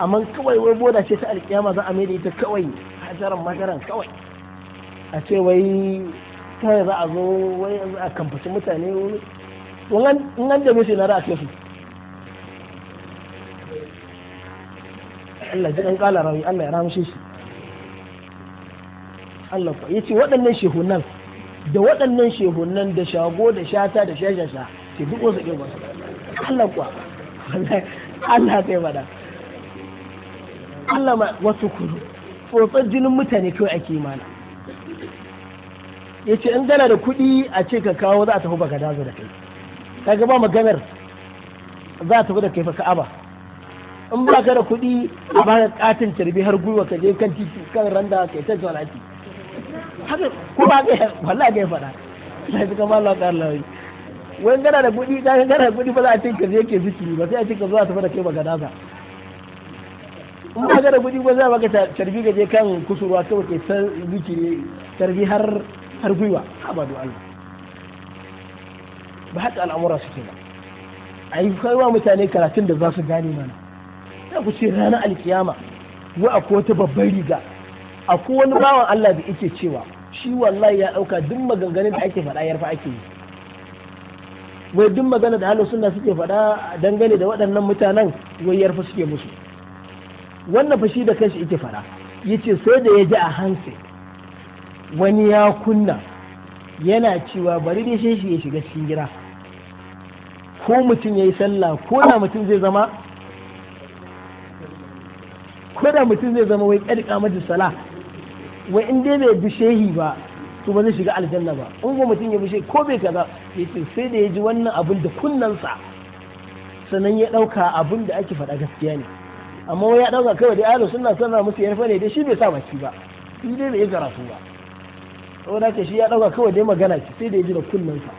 amma kawai wai boda ce ta alƙiyama za a mai da ita kawai hajaran madaran kawai a ce wai kawai za a zo wai a kamfashi mutane wani in an dame sai na ra'a ke su Allah ji ɗan ƙala rawi Allah ya ramshe shi Allah ku ya ce waɗannan shehunan da waɗannan shehunan da shago da shata da shashasha ke duk wasu ɗin wasu Allah kuwa Allah ta yi faɗa Allah ma wasu kuru tsotsar jinin mutane kawai ake mana ya ce in gana da kuɗi a ce ka kawo za a tafi baka dazo da kai kaga ba maganar za a tafi da kai fa ka'aba in ba ka da kuɗi a ka katin carbi har gwiwa ka je kan titi kan randa kai ta lati haka ko ba ga wallahi ga faɗa sai ka mallan kallawi wani gana da kuɗi ka gana da kuɗi ba za a ce ka je ke zikiri ba sai a ce ka zo a tafi da kai baka daza in ba ka da kuɗi ba za a baka carbi ka je kan kusurwa kawai ke ta zikiri har har gwiwa abadu Allah ba haka al'amura suke ba a yi kaiwa mutane karatun da za su gane mana ya ku ce ranar alkiyama wa a wata babbar riga a wani bawan Allah da yake cewa shi wallahi ya dauka duk maganganun da ake faɗa yarfa ake yi wai duk magana da halin suna suke faɗa dangane da waɗannan mutanen wai yarfa suke musu wannan fashi da kanshi yake faɗa yace sai da ya ji a hansi wani ya kunna yana cewa bari dai sai shi ya shiga cikin gida ko mutum ya yi sallah ko da mutum zai zama ko da mutum zai zama wai ƙarƙa mata sala wai in dai bai bi shehi ba to ba zai shiga aljanna ba in ko mutum ya bi shehi ko bai kaza ya ce sai da ya ji wannan abin da kunnansa sannan ya ɗauka abin da ake faɗa gaskiya ne amma wai ya ɗauka kawai da ahlus sunna sanna musu yarfa ne dai shi bai sa baki ba shi dai bai karatu ba saboda ka shi ya dauka kawai dai magana ki sai da ji da kullun sa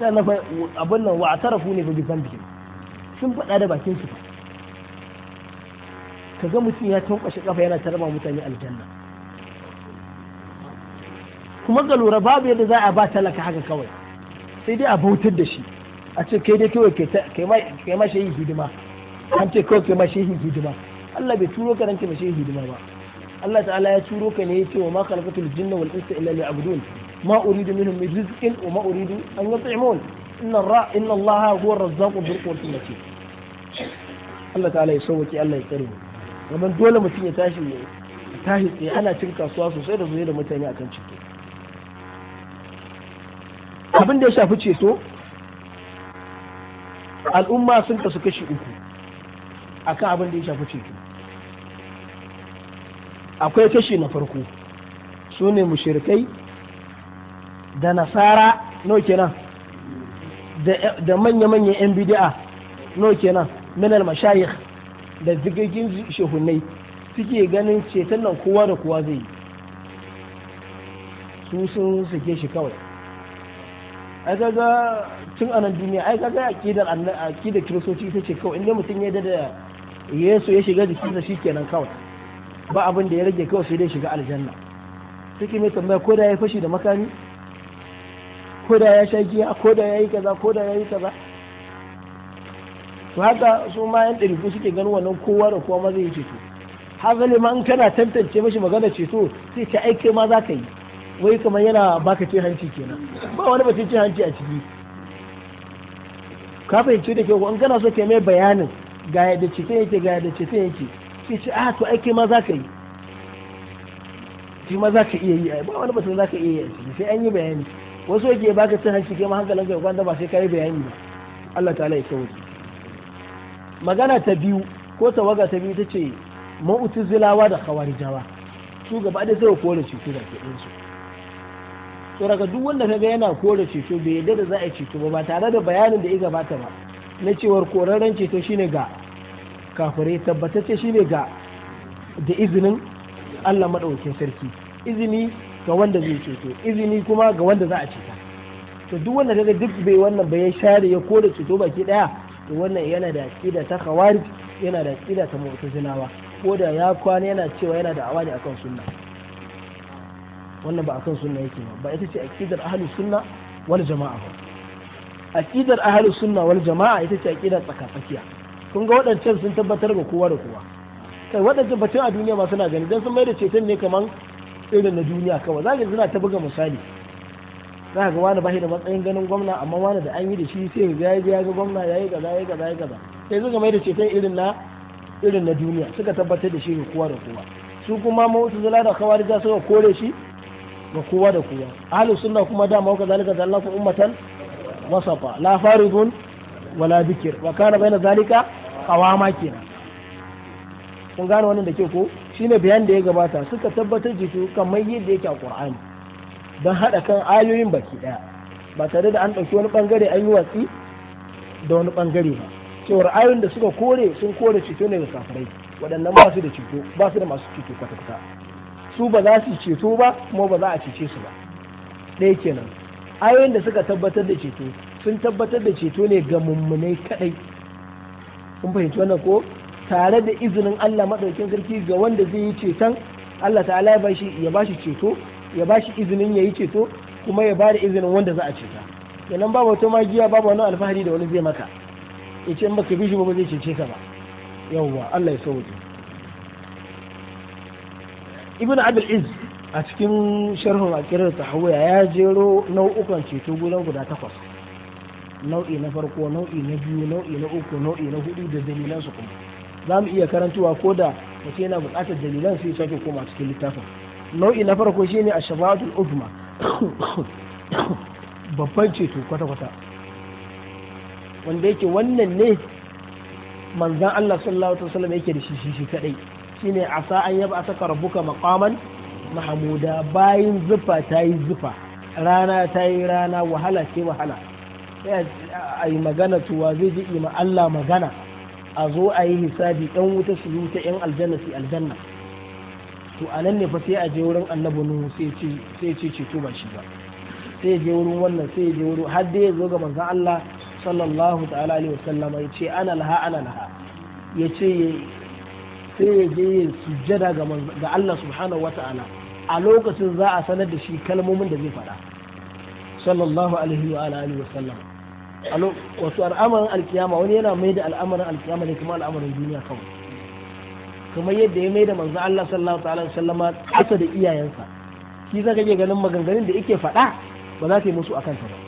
sannan fa abin nan wa ne ba bi sun faɗa da bakin su ka ga mutum ya tankwashe kafa yana tarba mutane aljanna kuma ga lura babu yadda za a ba talaka haka kawai sai dai a bautar da shi a ce kai dai kawai kai ma shehi hidima an ce kawai kai ma shehi hidima Allah bai turo ka ranke ma shehi hidima ba Allah ta'ala ya turo ka ne yace wa ma khalaqatul jinna wal insa illa liya'budun ma uridu minhum min rizqin wa ma uridu an yut'imun inna ra inna Allah huwa ar-razzaqu dhul quwwati matin Allah ta'ala ya sauke Allah ya tsare mu dole mutum ya tashi ne tashi tsaye ana cin kasuwa sosai da zuwa da mutane akan ciki abin da ya shafi ceto al'umma sun kasu kashi uku akan abin da ya shafi ceto akwai kashi na farko su ne mushirikai da nasara no kenan da manya-manyan 'yan bida no kenan minal mashayikh da zigagin shehunai suke ganin ceton nan kowa da kowa zai yi su sun suke shi kawai ai kaga tun anan duniya ai kaga akidar akidar kristoci ita ce kawai inda mutum ya da Yesu ya shiga jikinsa kenan kawai ba abin da ya rage kawai sai dai shiga aljanna suke mai tambaya ko da ya fashi da makami ko da ya sha giya ko da ya yi kaza ko da ya yi kaza to haka su ma yan ɗariku suke ganin wannan kowa da kowa ma zai yi ceto hazali ma in kana tantance mashi magana ceto sai ce aike ma za ka yi wai kamar yana baka ce hanci kenan ba wani ba ce hanci a ciki ka fahimci da kyau in kana so ke mai bayanin ga yadda ceton yake ga yadda ceton yake ake ce a ah, to aike ma za ka yi shi ma za ka iya yi ba wani batun za ka iya yi sai an yi bayani wasu yake ka cin hanci kai ma hankalin ka kwanta ba sai ka yi bayani ba Allah ta'ala ya sauke magana ta biyu ko tawaga ta biyu ta ce ma'utu zilawa da jawa su gaba da zai kore ceto da ke ɗinsu to daga duk wanda kaga yana kore ceto bai yadda da za a ceto ba ba tare da bayanin da ya gabata ba na cewar korarren ceto shine ga kafirai tabbatacce ne ga da izinin Allah maɗaukin sarki izini ga wanda zai ceto izini kuma ga wanda za a ceta to duk wanda kaga duk bai wannan bai share ya kore ceto baki daya to wannan yana da aqida ta khawarij yana da aqida ta mu'tazilawa ko da ya kwana yana cewa yana da awani akan sunna wannan ba akan sunna yake ba ba ita ce aqidar ahli sunna wal jama'a ba aqidar ahlus sunna wal jama'a ita ce aqida tsakatsakiya kun ga waɗancan sun tabbatar ga kowa da kowa kai waɗancan batun a duniya ma suna gani don sun mai da ceton ne kaman irin na duniya kawai zaka suna ta buga misali za ka ga wani bashi da matsayin ganin gwamna amma wani da an yi da shi sai ga ya ga gwamna yi kaza ya gaza ya kaza sai suka mai da ceton irin na irin na duniya suka tabbatar da shi ga kowa da kowa su kuma mu'tazila da khawarija suka kore shi ga kowa da kowa ahlus sunna kuma da ma kazalika ku ummatan wasafa la faridun wala dhikr wa kana baina zalika ma kenan kun gane wannan da ke ko shine bayan da ya gabata suka tabbatar da su kamar yadda yake a Qur'ani don haɗa kan ayoyin baki ɗaya ba tare da an ɗauki wani bangare an yi watsi da wani bangare ba cewar ayoyin da suka kore sun kore ceto ne ga kafirai waɗannan ba su da ceto ba su da masu ceto kwata-kwata su ba za su ceto ba kuma ba za a cece su ba ɗaya kenan ayoyin da suka tabbatar da ceto sun tabbatar da ceto ne ga mummunai kadai kun fahimci wannan ko tare da izinin Allah madaukin sarki ga wanda zai yi ceton Allah ta'ala ya bashi ya bashi ceto ya bashi izinin yayi ceto kuma ya bada izinin wanda za a ceta kenan babu wata magiya babu wani alfahari da wani zai maka ya in baka bi ba zai cece ka ba yawwa Allah ya sauke ibn abdul iz a cikin sharhun akirar tahawiya ya jero nau'ukan ceto gudan guda takwas nau'i na farko nau'i na biyu nau'i na uku nau'i na hudu da dalilan su kuma za mu iya karantuwa ko da mutum yana buƙatar dalilan sai sake koma cikin littafin nau'i na farko shine ash-shafa'atul babban ceto kwata-kwata wanda yake wannan ne manzan Allah sallallahu alaihi wasallam yake da shi shi kadai shine asa an yaba asaka rabbuka maqaman mahmuda bayin zufa tayi zufa rana tayi rana wahala ce wahala sai a yi magana tuwa zai ji ima Allah magana a zo a yi hisabi ɗan wuta su wuta yan aljanna su aljanna to a nan ne fa sai a je wurin annabu nuhu sai ce ceto ba shi ba sai je wurin wannan sai je wurin har dai ya zo ga manzon Allah sallallahu ta'ala alaihi wasallam ya ce ana laha ana laha ya ce sai ya je ya sujjada ga ga Allah subhanahu wata'ala a lokacin za a sanar da shi kalmomin da zai faɗa sallallahu alaihi wa alihi wasallam wasu al'amarin alkiyama wani yana mai da al'amarin alkiyama ne kuma al'amarin duniya kawai kamar yadda ya mai da manzo Allah sallallahu ta'ala sallama kasa da iyayensa shi za ka ganin maganganun da yake faɗa ba za ta yi musu akan ta ba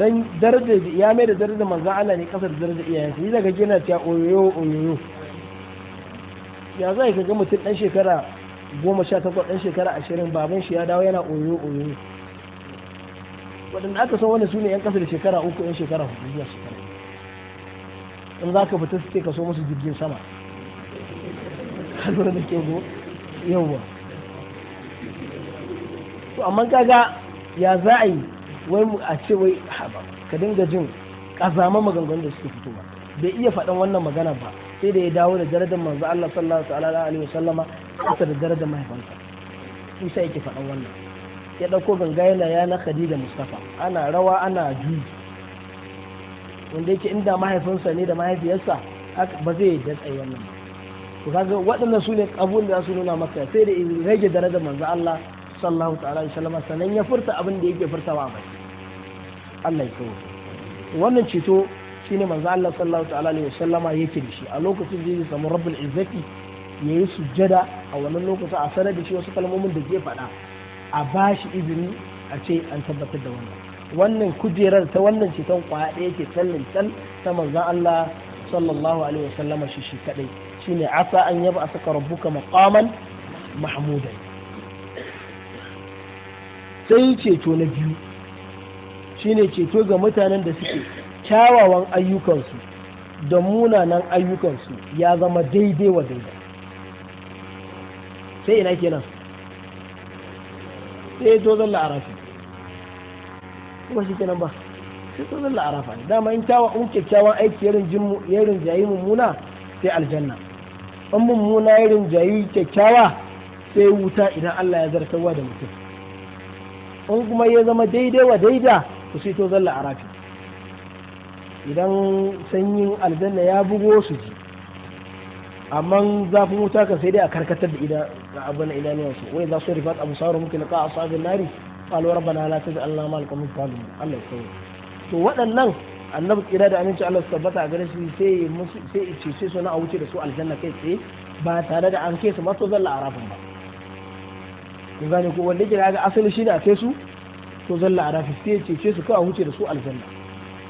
dan daraja ya mai da daraja manzo Allah ne kasa da daraja iyayensa shi za ka na cewa oyoyo oyoyo ya za ka ga mutum dan shekara goma sha takwas dan shekara ashirin baban shi ya dawo yana oyoyo oyoyo waɗanda aka san wani sune 'yan ƙasa da shekara uku 'yan shekara hudu zuwa shekara in za ka fita suke kaso ka so musu jirgin sama kalmar da ke go yawwa to amma kaga ya za a yi wai a ce wai haba ka dinga jin kazama maganganun da suke fitowa bai iya faɗan wannan magana ba sai da ya dawo da darajar manzo Allah sallallahu alaihi wasallama da darajar mahaifansa shi sai yake faɗan wannan ya ɗauko ganga yana yana khadija mustafa ana rawa ana juyi wanda yake inda mahaifinsa ne da mahaifiyarsa ba zai yadda tsaye wannan to kaga waɗannan su ne abun da su nuna maka sai da rage daraja manzo Allah sallallahu ta'ala alaihi wasallam sanan ya furta abin da yake furtawa mai Allah ya kawo wannan ceto shine manzo Allah sallallahu ta'ala alaihi wasallama yake da shi a lokacin da ya samu rabbul izzati yayi sujjada a wannan lokacin a sanar da shi wasu kalmomin da ke faɗa a ba shi izini a ce an tabbatar da wannan wannan kujerar ta wannan ce ta kwaya ɗaya ke tsallin ta manzan Allah sallallahu alaihi wasallama shi shi kadai shine asa an yaba a saka rabbuka maqaman mahmudan sai ceto na biyu shine ceto ga mutanen da suke kyawawan ayyukansu da munanan ayyukansu ya zama daidai wa daidai sai ina kenan sai to zalla arafa kuma shi kenan ba sai to zalla arafa ne dama in kyawa in kyakkyawan aiki yarin jin yarin jayi mummuna sai aljanna in mummuna yarin jayi kyakkyawa sai wuta idan Allah ya zartarwa da mutum in kuma ya zama daidai wa daida to sai to zalla arafa idan sanyin aljanna ya bugo su ji amma zafin wuta kan sai dai a karkatar da abin su wai za su rifat abu sauran muke laka a sabin nari qalu rabbana la taj'alna ma al-qawmi zalimin Allah ya sauya to waɗannan annabi kira da aminci Allah su tabbata a gare shi sai musu sai ce sai suna a wuce da su aljanna kai tsaye ba tare da an kai su to zalla arafin ba kun gane ko wanda kira ga asali shi da kai su to zalla arafi sai ce ce su kawai a wuce da su aljanna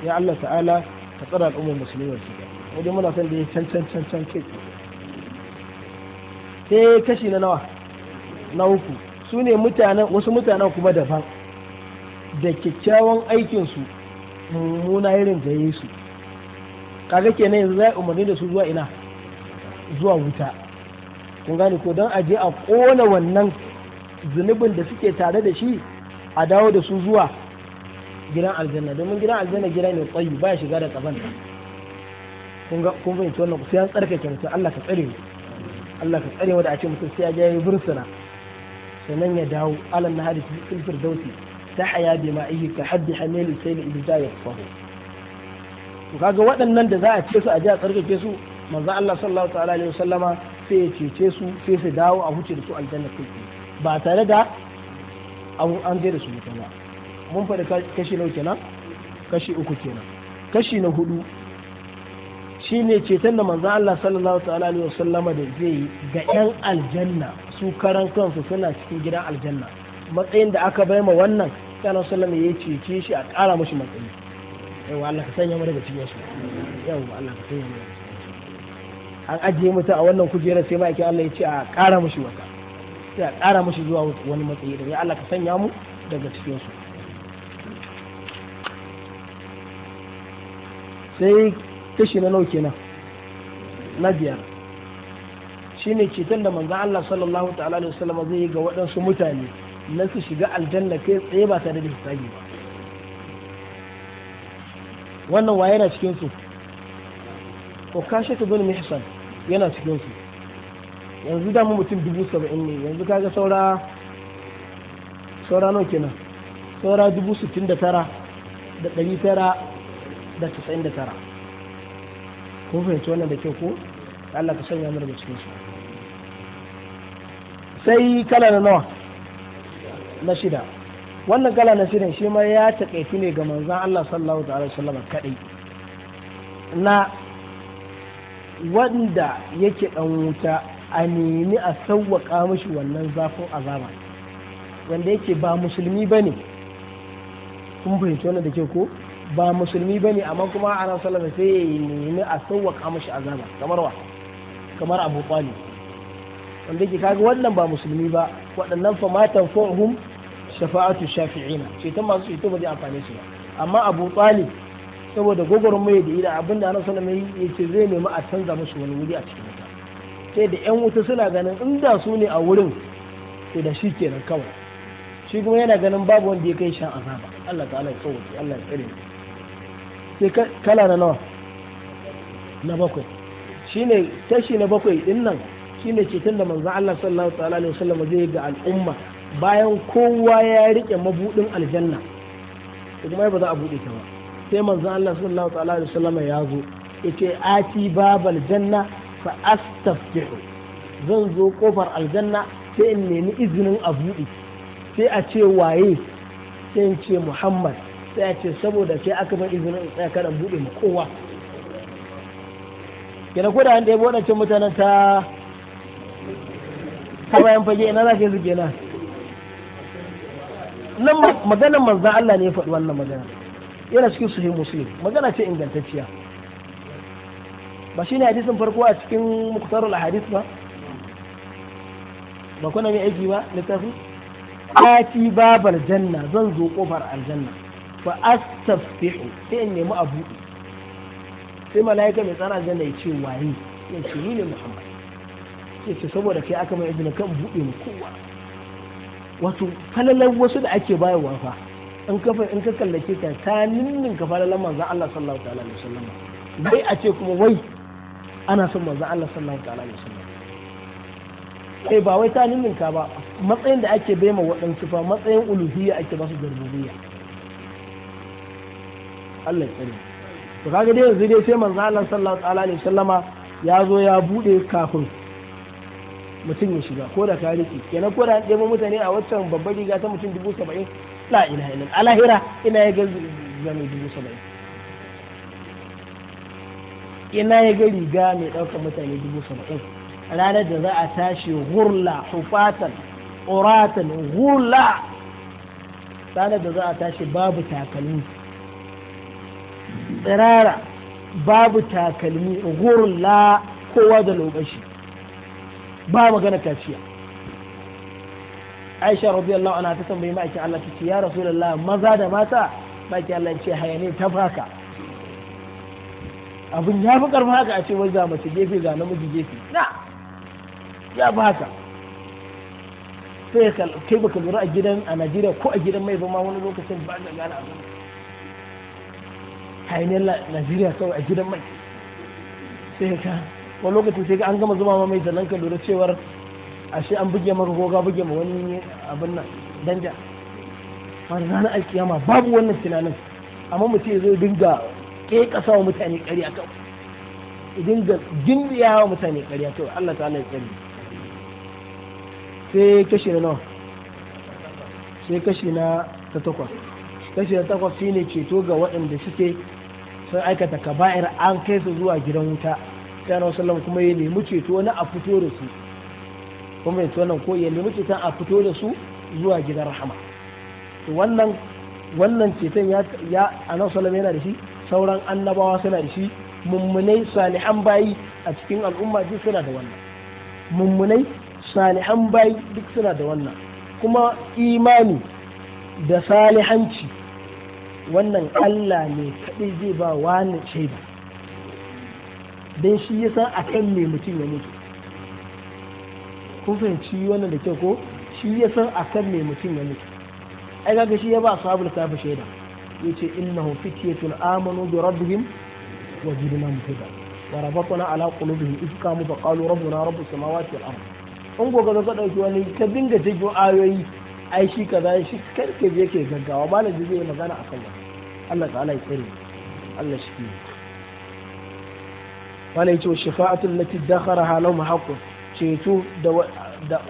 ya Allah ta'ala ka tsara al'ummar musulmi wasu wajen muna san da ya can can can can kai tsaye sai kashi na nawa na uku su ne mutanen wasu mutanen kuma daban da kyakkyawan aikinsu mummuna irin da ya su kaga kenan yanzu za a umarni da su zuwa ina zuwa wuta kun gane ko don aje a kona wannan zunubin da suke tare da shi a dawo da su zuwa gidan aljanna domin gidan aljanna gida ne tsayi ba shiga da kazanta kun fahimci wannan ku sai an tsarkake mutum Allah ka tsare mu Allah ka tsare wa da a ce mutum sai ya yi bursuna sanan ya dawo alan na hadisi fil firdausi ta haya bi ayi ka haddi hamil sai da ibda ya fahu to kaga waɗannan da za a ce su a ja tsarkake su manzo Allah sallallahu ta'ala alaihi wasallama sai ya cece su sai su dawo a huce da su aljanna kai ba tare da an je da su mutum ba mun faɗi kashi na kenan kashi uku kenan kashi na hudu Shi ne ceton da manzo Allah sallallahu ta'ala alaihi wasallama da zai yi ga yan aljanna su karan kansu suna cikin gidan aljanna matsayin da aka bai ma wannan sallallahu sallama ya cece shi a ƙara mashi matsayi yawa Allah ka sanya mu daga cikin su yawa Allah ka sanya mu an ajiye mutum a wannan kujerar sai ma'aikin Allah ya ce a ƙara mashi wata sai a ƙara mashi zuwa wani matsayi da ya Allah ka sanya mu daga cikin su sai kashi na nauke kenan na biyar shine ceton da manzan Allah sallallahu ta'ala da wasallam zai yi ga waɗansu mutane na su shiga aljanna kai tsaye ba tare da hisabi ba wannan waye na cikin su ko kashe ta bin mihsan yana cikin su yanzu da mu mutum dubu saba'in ne yanzu kaga saura saura nauke kenan saura dubu sittin da tara da ɗari tara da casa'in da tara kun fahimci wannan da ke ko Allah ka sanya mana da cikin su sai kala na nawa na shida wannan kala na shida shi ma ya taƙaitu ne ga manzan Allah sallallahu alaihi wasallam kadai na wanda yake ɗan wuta a nemi a sauwaƙa mishi wannan zafin azaba wanda yake ba musulmi ba ne kun fahimci wannan da ke ko ba musulmi ba ne amma kuma ana salama sai ya nemi a sauwaƙa mashi azaba kamar wa kamar abu kwali wanda ke kaga wannan ba musulmi ba waɗannan fa matan fa'uhum shafa'atu shafi'ina ta masu ce ba zai amfane su ba amma abu kwali saboda mai da ida abin da ana salama ya ce zai nemi a canza musu wani wuri a cikin wuta sai da yan wuta suna ganin inda su ne a wurin to da shi kenan kawai shi kuma yana ganin babu wanda ya kai shan azaba Allah ta'ala ya Allah ya tsare sai kala na nawa na bakwai shine tashi na bakwai din nan shine ceton da manzo Allah sallallahu alaihi wasallam zai ga al'umma bayan kowa ya rike mabudin aljanna kuma ba za a bude ta ba sai manzo Allah sallallahu alaihi wasallam ya zo yace ati babal janna fa astaftihu zan zo kofar aljanna sai in nemi izinin a sai a ce waye sai in ce Muhammad sai a ce saboda sai aka bar izinin tsaya kada bude ma kowa kina ko da an ɗaya waɗancan mutanen ta ta bayan fage ina za ka yi su na nan maganar manzan Allah ne ya faɗi wannan magana yana cikin sahih muslim magana ce ingantacciya ba shine hadisin farko a cikin muktarul hadith ba ba kuna mai aiki ba littafi ati babal janna zan zo kofar aljanna fa astafihu sai in nemi a buɗe sai mala'ika mai tsara zai ce waye ya ce ni ne muhammad sai ce saboda kai aka mai izinin kan buɗe mu kowa wato falalan wasu da ake bayarwa fa in ka in ka kallake ta ta ninnin ka falalan manzon Allah sallallahu ta'ala alaihi wasallam wai a ce kuma wai ana son manzon Allah sallallahu ta'ala alaihi wasallam kai eh, ba wai ta ninnin ka ba matsayin da ake bai ma waɗansu fa matsayin uluhiyya ake ba su da Allah ya tsare to kaga dai yanzu dai sai manzo Allah sallallahu alaihi wasallama ya zo ya bude kafin mutum ya shiga ko da ka kenan ko da an ɗebo mutane a waccan babbar riga ta mutum dubu saba'in la ilaha illan alahira ina ya ga zame dubu saba'in ina ya ga riga mai ɗaukar mutane dubu saba'in ranar da za a tashi hurla hufatan uratan hurla ranar da za a tashi babu takalmi tsirara babu takalmi gurin la kowa da lokaci ba magana kaciya aisha radiyallahu anha ta tambayi ma'aikin Allah ta ce ya rasulullah maza da mata ma'aikin Allah ce hayane ta faka abin ya fi karfa haka a ce wai ga mace gefe ga namiji gefe na ya fi haka sai kai baka lura a gidan a Najeriya ko a gidan mai ba ma wani lokacin ba ga gane abin hayaniyar najeriya kawai a gidan mai sai ka wani lokacin sai an gama zuba mai sannan ka lura cewar ashe an buge maka ko ga buge ma wani abin nan danja wani ranar alkiyama babu wannan tunanin amma mutum zai dinga ke kasa wa mutane ƙarya kawai dinga gindiya wa mutane kariya kawai Allah ta'ala ya tsari sai kashi na nawa sai kashi na ta takwas kashi na takwas shine ceto ga waɗanda suke sun aikata kaba'ir an kai su zuwa gidan wuta sai na wasallam kuma ya nemi ceto wani a fito da su kuma ya tonan ko ya nemi ceton a fito da su zuwa gidan rahama wannan wannan ceton ya ya annabi sallallahu yana da shi sauran annabawa suna da shi mummunai salihan bayi a cikin al'umma duk suna da wannan mummunai salihan bayi duk suna da wannan kuma imani da salihanci wannan Allah ne kaɗai zai ba wani shaida don shi ya san akan me mutum ya mutu kun fahimci wannan da ke ko shi ya san akan me mutum ya mutu ai ga shi ya ba sahabul kafi shaida yace innahu fityatun amanu bi rabbihim wa jidnahum huda wa rabatna ala qulubihim idh qamu fa qalu rabbuna rabbus samawati wal ard in goga ka dauki wani ka dinga jigo ayoyi ai shi kaza shi karke je ke gaggawa malam da zai magana a ba Allah ta'ala ya tsare Allah shi ke wala yace shafa'atul lati dakharaha lahum haqqun ceto da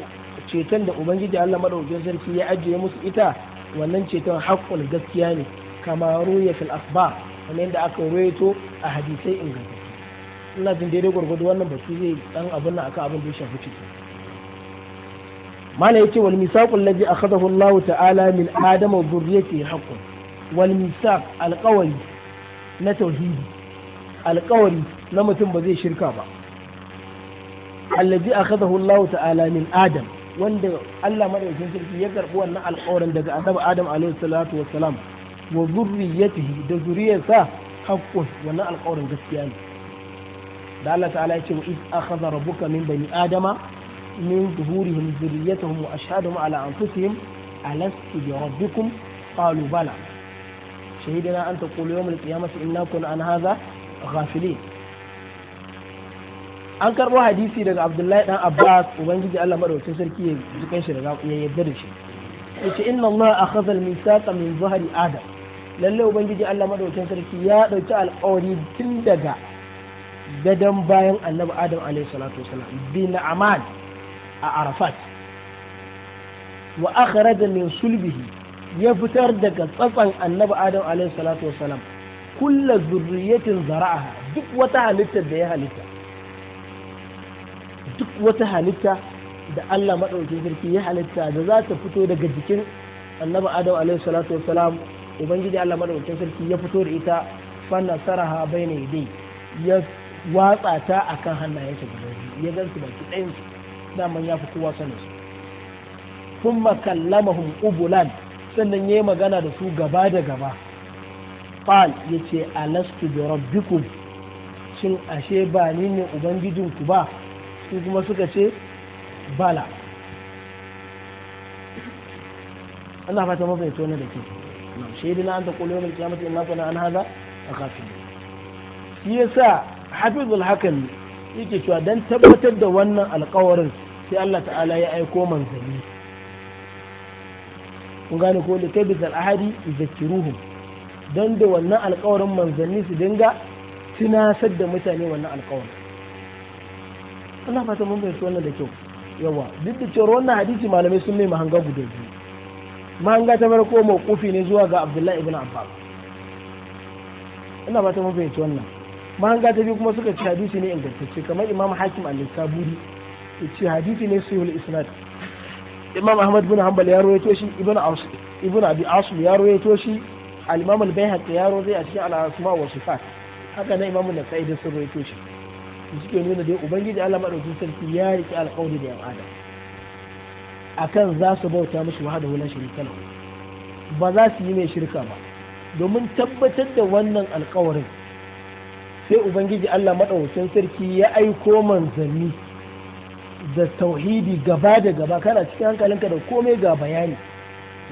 ceton da ubangiji Allah madaukakin sarki ya ajiye musu ita wannan ceton haqqul gaskiya ne kama ruya fil asba wannan da aka ruwaito a hadisai ingantattu ina jin daidai gwargwado wannan ba shi zai dan abin nan akan abin da ya shafi ciki mana yace wal misaqul ladzi akhadahu Allah ta'ala min adama wa dhurriyyati haqqun wal misaq alqawli na tauhidi alqawli na mutum ba zai shirka ba alladzi akhadahu Allah ta'ala min adam wanda Allah madaukakin sarki ya karbi wannan alƙawarin daga annabi Adam alaihi salatu Salam wa zurriyatihi da zuriyarsa haqqun wannan alƙawarin gaskiya ne da Allah ta'ala ya ce wa iz akhadha rabbuka min bani adama من ظهورهم ذريتهم وأشهدهم على أنفسهم ألست بربكم قالوا بلى شهدنا أن تقول يوم القيامة إنا كنا عن هذا غافلين an karɓo hadisi daga abdullahi dan abbas ubangiji allah madaukakin sarki ya jikin shi ya yarda da shi yace inna allah akhadha al-mithaqa min zahri adam lalle ubangiji allah madaukakin sarki ya dauki alƙawari tun daga gadon bayan annabi adam alaihi salatu wasalam bi na'amal a arafat wa akhraj min sulbihi ya fitar daga tsatsan annabi adam alaihi salatu wasalam kullu zurriyatin zara'aha duk wata halitta da ya halitta duk wata halitta da Allah madaukakin sarki ya halitta da za ta fito daga jikin annabi adam alaihi salatu wasalam ubangiji Allah madaukakin sarki ya fito da ita fanna saraha bayna yadai ya watsa ta akan hannayensa guda ya gansu baki ɗayan daman ya fi kowa sanin su thumma makallamahun ubulan sannan ya yi magana da su gaba da gaba ya ce alastu da rabbikum shin ashe ba ni ne ubangijinku ba su kuma suka ce bala Allah fata mafi ya tona da ke shaidu na an ta kolo yawon kyamata in lafa na an haza a kafin shi sa hafizul hakan yake cewa don tabbatar da wannan alkawarin sai Allah ta'ala ya aiko manzanni kun gane ko da kai bizal ahadi zakiruhum don da wannan alkawarin manzanni su dinga tunasar da mutane wannan alkawarin Allah fata mun bai wannan da kyau yawa duk da cewa wannan hadisi malamai sun mai mahanga guda biyu mahanga ta farko mawqufi ne zuwa ga Abdullahi ibn Abbas ina fata mun bai wannan mahanga ta biyu kuma suka ci hadisi ne ingantacce kamar Imam Hakim al-Saburi yace hadisi ne sayyul isnad imam ahmad bin hanbal ya rawaito shi ibnu aus ibnu abi asu ya rawaito shi al-imam al bayhaqi ya rawaito a cikin asma wa sifat haka na imam an-nasa'i da sun rawaito shi suke nuna dai ubangiji Allah madauki sarki ya riki alƙawari da yan akan za su bauta mishi wahada wala shirka ba za su yi mai shirka ba domin tabbatar da wannan alƙawarin sai ubangiji Allah madaukakin sarki ya aiko manzanni da tauhidi gaba da gaba kana cikin hankalinka da komai ga bayani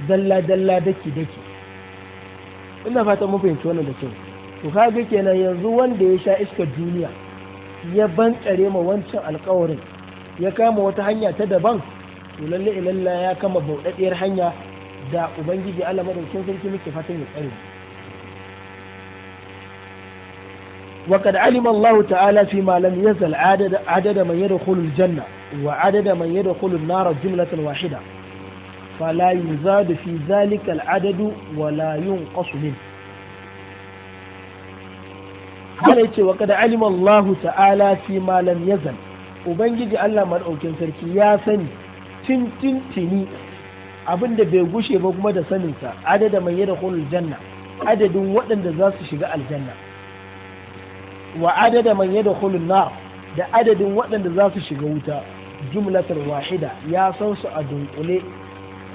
dalla dalla daki daki ina fata mu fahimci wannan da kyau to kaga kenan yanzu wanda ya sha iskar duniya ya bantsare ma wancan alkawarin ya kama wata hanya ta daban to lalle ilalla ya kama bauɗaɗɗiyar hanya da ubangiji Allah madaukakin sarki muke fatan ya tsare وقد علم الله تعالى فيما لم يزل عدد, عدد من يدخل الجنة وعدد من يدخل النار جملة واحدة فلا يزاد في ذلك العدد ولا ينقص منه Allah ce wa kada alima Allah ta'ala fi malam yazan ubangiji Allah madaukin sarki ya sani tintintini abinda bai gushe ba kuma da saninsa adada man yadkhulul janna adadin waɗanda za su shiga aljanna wa adada man yadkhulu an-nar da adadin waɗanda za su shiga wuta jumlatar wahida ya san su a dunkule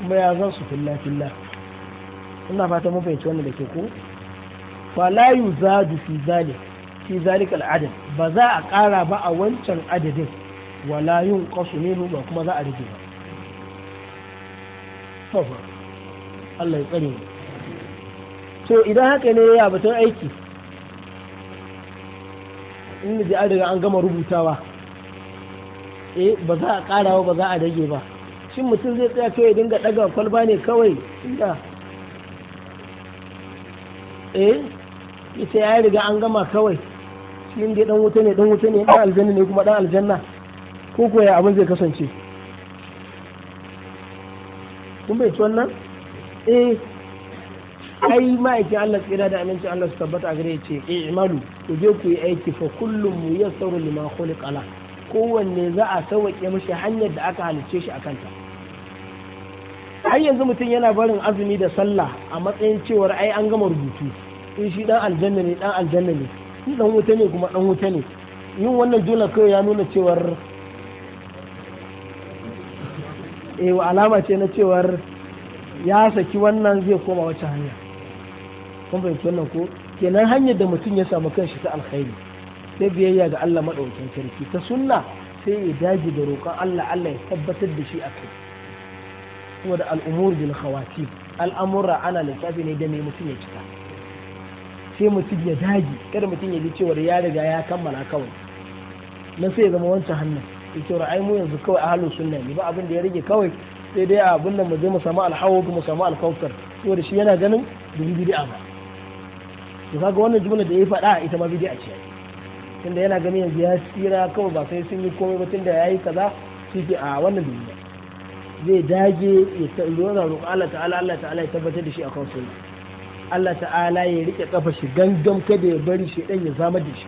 kuma ya san su filla filla ina fata mun fahimci wannan da ke ko fala yuzadu fi zalik fi zalikal adad ba za a ƙara ba a wancan adadin wala yin ƙasu ne ba kuma za a rage ba Allah ya tsare to idan haka ne ya batun aiki in da ji an riga an gama rubutawa eh ba za a karawa ba za a dage ba shin mutum zai tsaya kawai dinga daga kwalba ne kawai inda eh ita ya riga an gama kawai shi inda dan wuta ne dan wuta ne dan aljanna ne kuma dan aljanna ko ko ya abin zai kasance kun bai wannan eh ai ma'aikin Allah tsira da amincin Allah su tabbata a ya ce eh, i'malu ku je ku yi aiki fa kullum mu yassaru lima khuliqa la kowanne za a sauke mishi hanyar da aka halicce shi a kanta har yanzu mutum yana barin azumi da sallah a matsayin cewar ai an gama rubutu in shi dan aljanna ne dan aljanna ne shi dan wuta ne kuma dan wuta ne yin wannan jumla kawai ya nuna cewar eh alama ce na cewar ya saki wannan zai koma wacce hanya kun fahimci wannan ko kenan hanyar da mutum ya samu shi ta alkhairi sai biyayya ga Allah madaukakin sarki ta sunna sai ya daji da roƙon Allah Allah ya tabbatar da shi a kai Kuma da al'umur bil khawati al'amura ana lissafi ne da mai mutum ya cika sai mutum ya daji kada mutum ya ji cewar ya riga ya kammala kawai na sai ya zama wancan hannun ya ce ai mu yanzu kawai a halin sunna ne ba abin da ya rage kawai sai dai abin nan mu je mu samu alhawo mu samu alkawfar saboda shi yana ganin dubi bid'a ba to kaga wannan jumla da ya faɗa ita ma bid'a ce tunda yana ganin yanzu ya tsira kawai ba sai sun yi komai ba tunda yayi kaza shi ke a wannan dunya zai dage ya yana roƙo Allah ta'ala Allah ta'ala ya tabbatar da shi a kan sunna Allah ta'ala ya rike kafa shi gangam kada ya bari shi dan ya zama da shi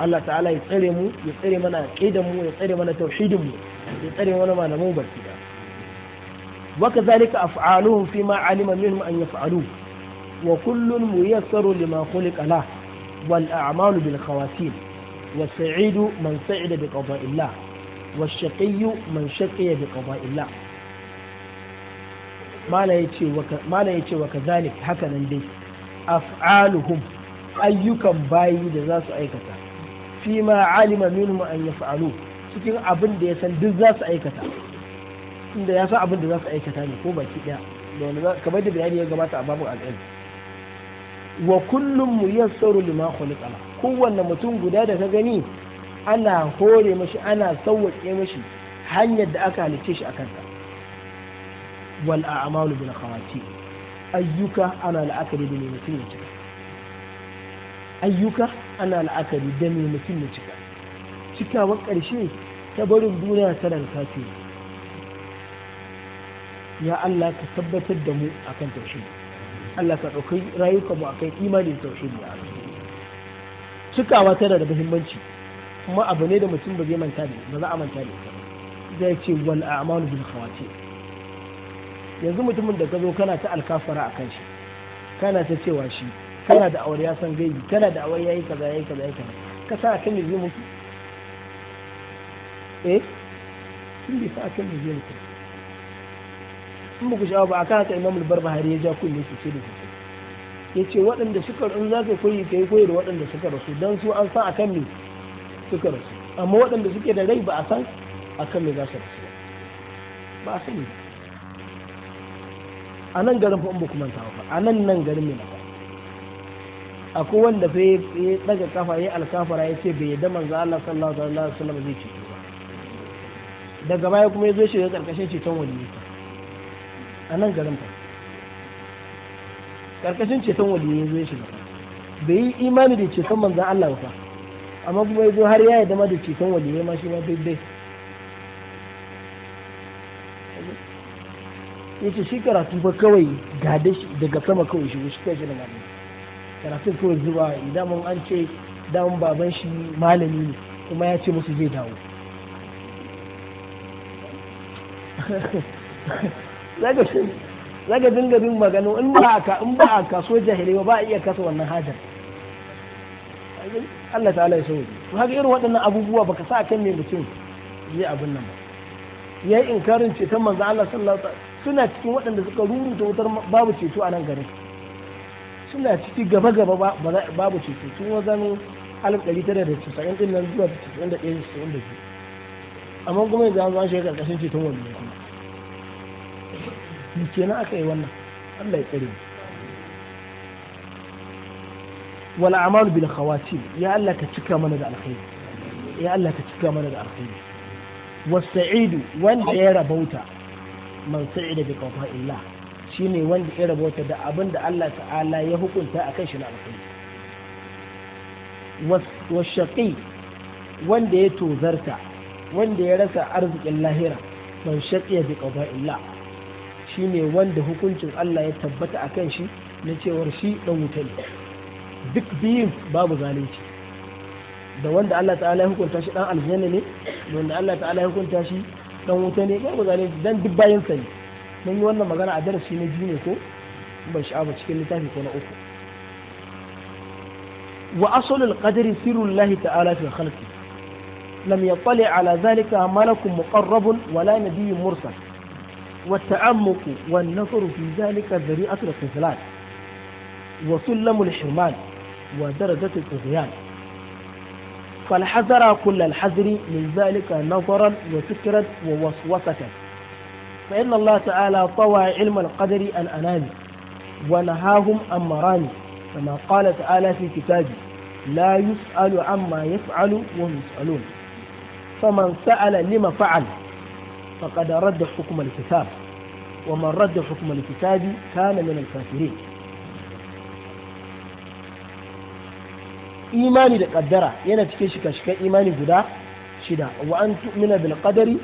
Allah ta'ala ya tsare mu ya tsare mana aqidan mu ya tsare mana tauhidin mu ya tsare mana malamu baki da wa kadhalika af'aluhum fima alima minhum an yaf'aluhu wa kullun muyassaru lima khuliqa la wal a'malu bil khawatim was sa'idu man sa'ida bi qada'illah was shaqiyyu man shaqiya bi qada'illah mala yace wa mala wa kazalik haka nan dai af'aluhum ayyukan bayi da za su aikata fi ma cikin abin da ya san duk za su aikata inda ya san abin da za su aikata ne ko baki daya kamar da bayani ya gabata a babu al'ilm wa kullum muyassaru lima khuliqa kowanne mutum guda da ka gani ana hore mashi ana sauwaƙe mashi hanyar da aka halicce shi akan ta wal a'malu bil khawati ayyuka ana la'akari da mutum ya cika ayyuka ana la'akari da mutum ya cika cikawar ƙarshe ta barin duniya ta da ya Allah ka tabbatar da mu akan tauhidi Allah ka ɗauki rayukanmu a kai imanin tauhidi ya cikawa tana da muhimmanci kuma abu ne da mutum ba zai manta ne ba za a manta ne zai ce wal a'malu bil khawati yanzu mutumin da ka zo kana ta alkafara a kan shi kana ta cewa shi kana da aure ya san gaibi kana da aure yayi kaza yayi kaza yayi kaza ka sa kan ne zai mutu eh kin bi sa kan ne zai mutu in ba ku sha'awa ba kan haka imamul barbahari ya ja kunne su ce da su ya ce waɗanda suka in za ka koyi ka yi koyi da waɗanda suka rasu don su an san akan me suka rasu amma waɗanda suke da rai ba a san akan me za su rasu ba a sani a nan garin fa in ba ku manta ba a nan nan garin me na ba akwai wanda fa ya daga kafa ya alkafara ya ce bai yadda manzo Allah sallallahu alaihi wasallam zai ci daga baya kuma ya zo shi ya karkashin ceton wani a nan garin fa karkashin ceton ne zai shiga bai yi imani da ceton manzan Allah ba amma kuma ya zo har ya yarda ma da ceton waliyai ma shi ma daidai ya ce shi karatu fa kawai gada shi daga sama kawai shi shi kai shi malami karatu kawai zuwa idan mun an ce dan baban shi malami ne kuma ya ce musu zai dawo zaga dinga bin magano in ba a in ba ka so jahili ba a iya kasa wannan hajar Allah ta'ala ya sauke to haka irin waɗannan abubuwa baka sa kan mai mutum zai abin nan ba yayi inkarin ta manzo Allah sallallahu alaihi suna cikin waɗanda suka rubuta wutar babu ceto a nan garin suna ciki gaba gaba babu ceto sun wajen alif ɗari tara da casa'in ɗin nan zuwa casa'in da ɗaya da casa'in da amma kuma yanzu an zo an shiga ƙarƙashin ceton wani kuma ni kenan aka yi wannan Allah ya tsare wal a'malu bil khawatim ya Allah ka cika mana da alkhairi ya Allah ka cika mana da alkhairi wasa'idu wanda ya rabauta man sa'ida bi qada'illah shine wanda ya rabauta da abin da Allah ta'ala ya hukunta akan shi na alkhairi wasaqi wanda ya tozarta wanda ya rasa arzikin lahira man shaqiya bi qada'illah Shi ne wanda hukuncin Allah ya tabbata a kan shi na cewar shi ɗan wuta ne duk biyun babu zalunci da wanda Allah ta'ala ya hukunta shi ɗan aljanna ne da wanda Allah ta'ala ya hukunta shi ɗan wuta ne babu zalunci dan duk bayan sa ne mun yi wannan magana a darasi na biyu ne ko ban sha'aba cikin littafi ko na uku wa asalul qadri sirrullahi ta'ala fi khalqi lam yattali ala zalika malakun muqarrabun wala nabiyyun mursal والتعمق والنظر في ذلك ذريعة الاتصالات وسلم الحرمان ودرجة الطغيان فالحذر كل الحذر من ذلك نظرا وفكرا ووسوسة فإن الله تعالى طوى علم القدر الأنام ونهاهم عن كما قال تعالى في كتابه لا يسأل عما يفعل وهم يسألون فمن سأل لما فعل فقد رد حكم الكتاب ومن رد حكم الكتاب كان من الكافرين إيماني لقدرة ينتكيش كشك إيماني جدا شدا وأن تؤمن بالقدر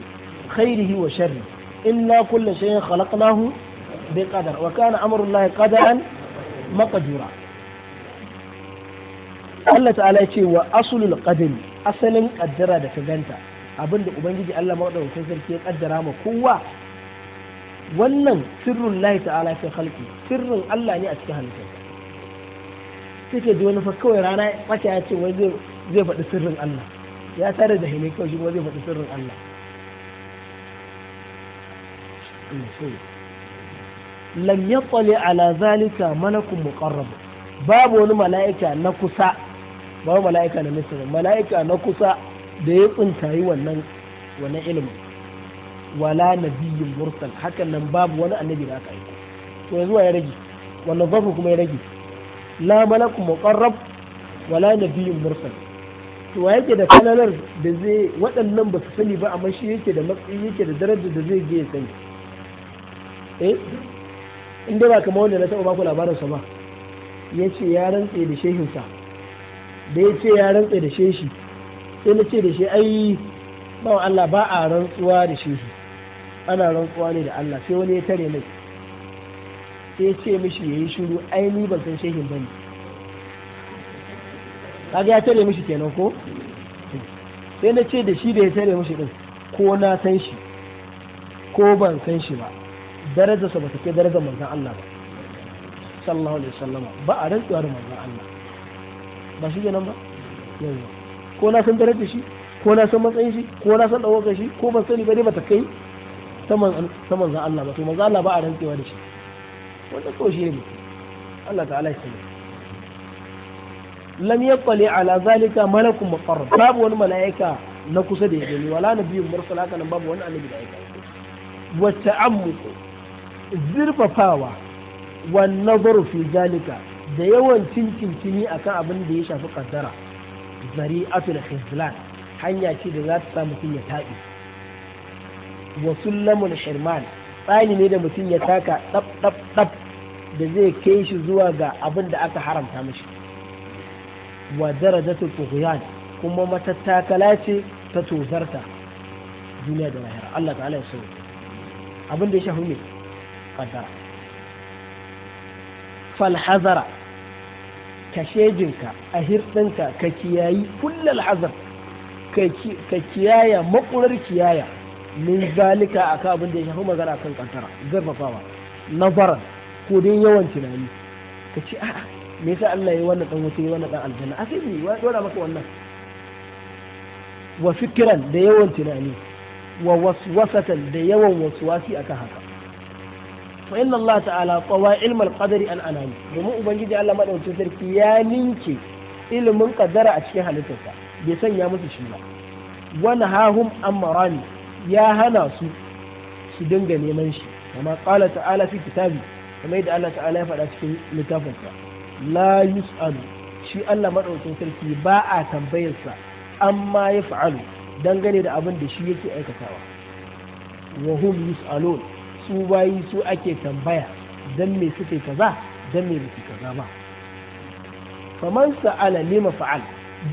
خيره وشره إنا كل شيء خلقناه بقدر وكان أمر الله قدرا مقدورا الله تعالى يقول وأصل القدر أصل القدرة لتجنته abinda ubangiji Allah maɗaukakin sarki ya kaddara ma kowa wannan sirrin lahi ta'ala fi halki sirrin Allah ne a cikin halittarsa suke ji wani fa kawai rana tsaka ya ce wai zai faɗi sirrin Allah ya tare da hime kawai shi zai faɗi sirrin Allah lam yattali ala zalika malakun muqarrab babu wani mala'ika na kusa babu mala'ika na misra mala'ika na kusa da ya tsintayi wannan wannan ilimin wala biyun mursal hakan nan babu wani annabi da aka aiko to yanzu ya rage wannan zafi kuma ya rage la malaku muqarrab wala biyun mursal to wa yake da sanalar da zai waɗannan ba su sani ba amma shi yake da matsayi yake da daraja da zai je ya sani eh in dai ba kamar wanda na taɓa baku labarin sa ba ya ce ya rantse da shehinsa da ya ce ya rantse da sheshi sai na ce da shi ai bawa Allah ba a rantsuwa da shi ana rantsuwa ne da Allah sai wani ya tare mai sai ya ce mishi yayi shiru ai ni ban san shehin bane kaga ya tare mishi kenan ko sai na ce da shi da ya tare mishi din ko na san shi ko ban san shi ba daraja ba ta kai daraja manzon Allah ba sallallahu alaihi wasallama ba a rantsuwa da manzon Allah ba shi kenan ba yanzu ko na san darajar shi ko na san matsayin shi ko na san ɗaukar shi ko ban sani ba dai ba ta kai ta za' Allah ba to manzan Allah ba a rantsewa da shi wanda ko shi ne Allah ta'ala ya sani lam yaqali ala zalika malakun muqarrab babu wani mala'ika na kusa da ya gani wala nabiyyu mursala kana babu wani annabi da yake wa ta'ammuqu zirfafawa wa nazaru fi zalika da yawan cini akan abin da ya shafi kaddara zari'atul khizlan hanya ce da za ta sa mutum ya taɓi wa sullamul shirman tsani ne da mutum ya taka ɗab ɗab ɗab da zai kai shi zuwa ga abin da aka haramta mashi wa darajatul tughyan kuma matattakala ce ta tozarta duniya da lahira Allah ta'ala ya sauke abin da ya shafi ne kaddara fal hazara ka a hirɗinka ka kiyayi kullal hazar ka kiyaya makurar kiyaya min zalika a abin da ya shafi magana kan kantara zarfafawa nazaran ko dai yawan tunani ka ce a'a me yasa Allah ya wannan dan wuce wannan dan aljanna a sai ya dora maka wannan wa fikiran da yawan tunani wa waswasatan da yawan waswasi aka haka fa inna Allah ta'ala qawa ilmal qadari an anani domin ubangiji Allah madaukakin sarki ya ninke ilimin kaddara a cikin halittarsa bai sanya musu shi ba wani hahum an marami ya hana su su dinga neman shi kama qala ta'ala fi kitabi kamar yadda Allah ta'ala ya faɗa cikin littafinsa la yus'alu shi Allah madaukakin sarki ba a tambayarsa amma ya fa'alu dangane da abin da shi yake aikatawa wa hum yus'alun su bayi su ake tambaya dan me suke kaza dan me suke kaza ba faman sa'ala lima fa'al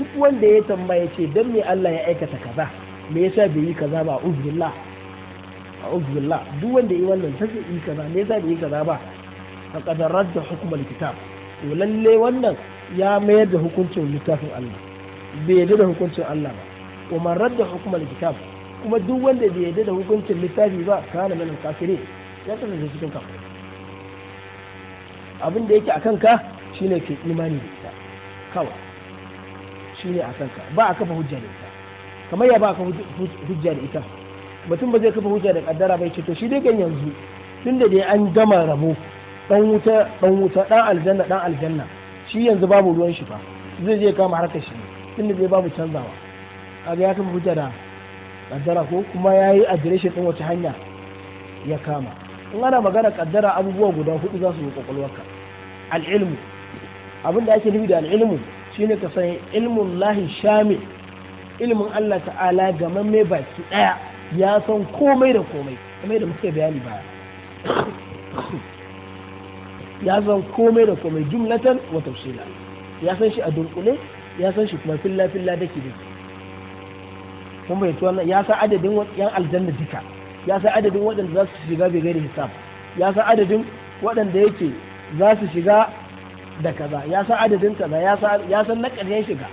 duk wanda ya tambaya ce dan me Allah ya aikata kaza me yasa bai yi kaza ba uzbillah duk wanda yi wannan ta yi kaza me yasa bai yi kaza ba faqad radda hukm alkitab to lalle wannan ya mayar da hukuncin littafin Allah bai yarda da hukuncin Allah ba kuma radda hukm alkitab kuma duk wanda bai yarda da hukuncin littafi ba kana mana kafire ya kasance cikin kafa abin da yake akan ka shine ke imani da ita kawai shine akan ka ba a kafa hujja da ita kamar ya ba ka hujja da ita mutum ba zai kafa hujja da kaddara ba ce to shi dai gan yanzu tunda dai an gama rabo dan wuta dan wuta dan aljanna dan aljanna shi yanzu babu ruwan shi ba zai je kama harkar shi tunda zai babu canzawa kaga ya kafa hujja da kaddara ko kuma ya yi adireshin ɗin wacce hanya ya kama in ana magana kaddara abubuwa guda hudu za su yi kwakwalwarka al'ilmu abin da ake nufi da al'ilmu shine ka san ilmun lahi shami ilmin Allah ta'ala gaman mai baki ɗaya ya san komai da komai kamar da muka bayani baya ya san komai da komai jumlatan wa tafsila ya san shi a dunkule ya san shi kuma filla filla dake dake kun bayyanci wannan ya san adadin yan aljanna duka ya san adadin waɗanda za su shiga bai gairi hisab ya san adadin waɗanda yake za su shiga da kaza ya san adadin kaza ya san na ƙarshen shiga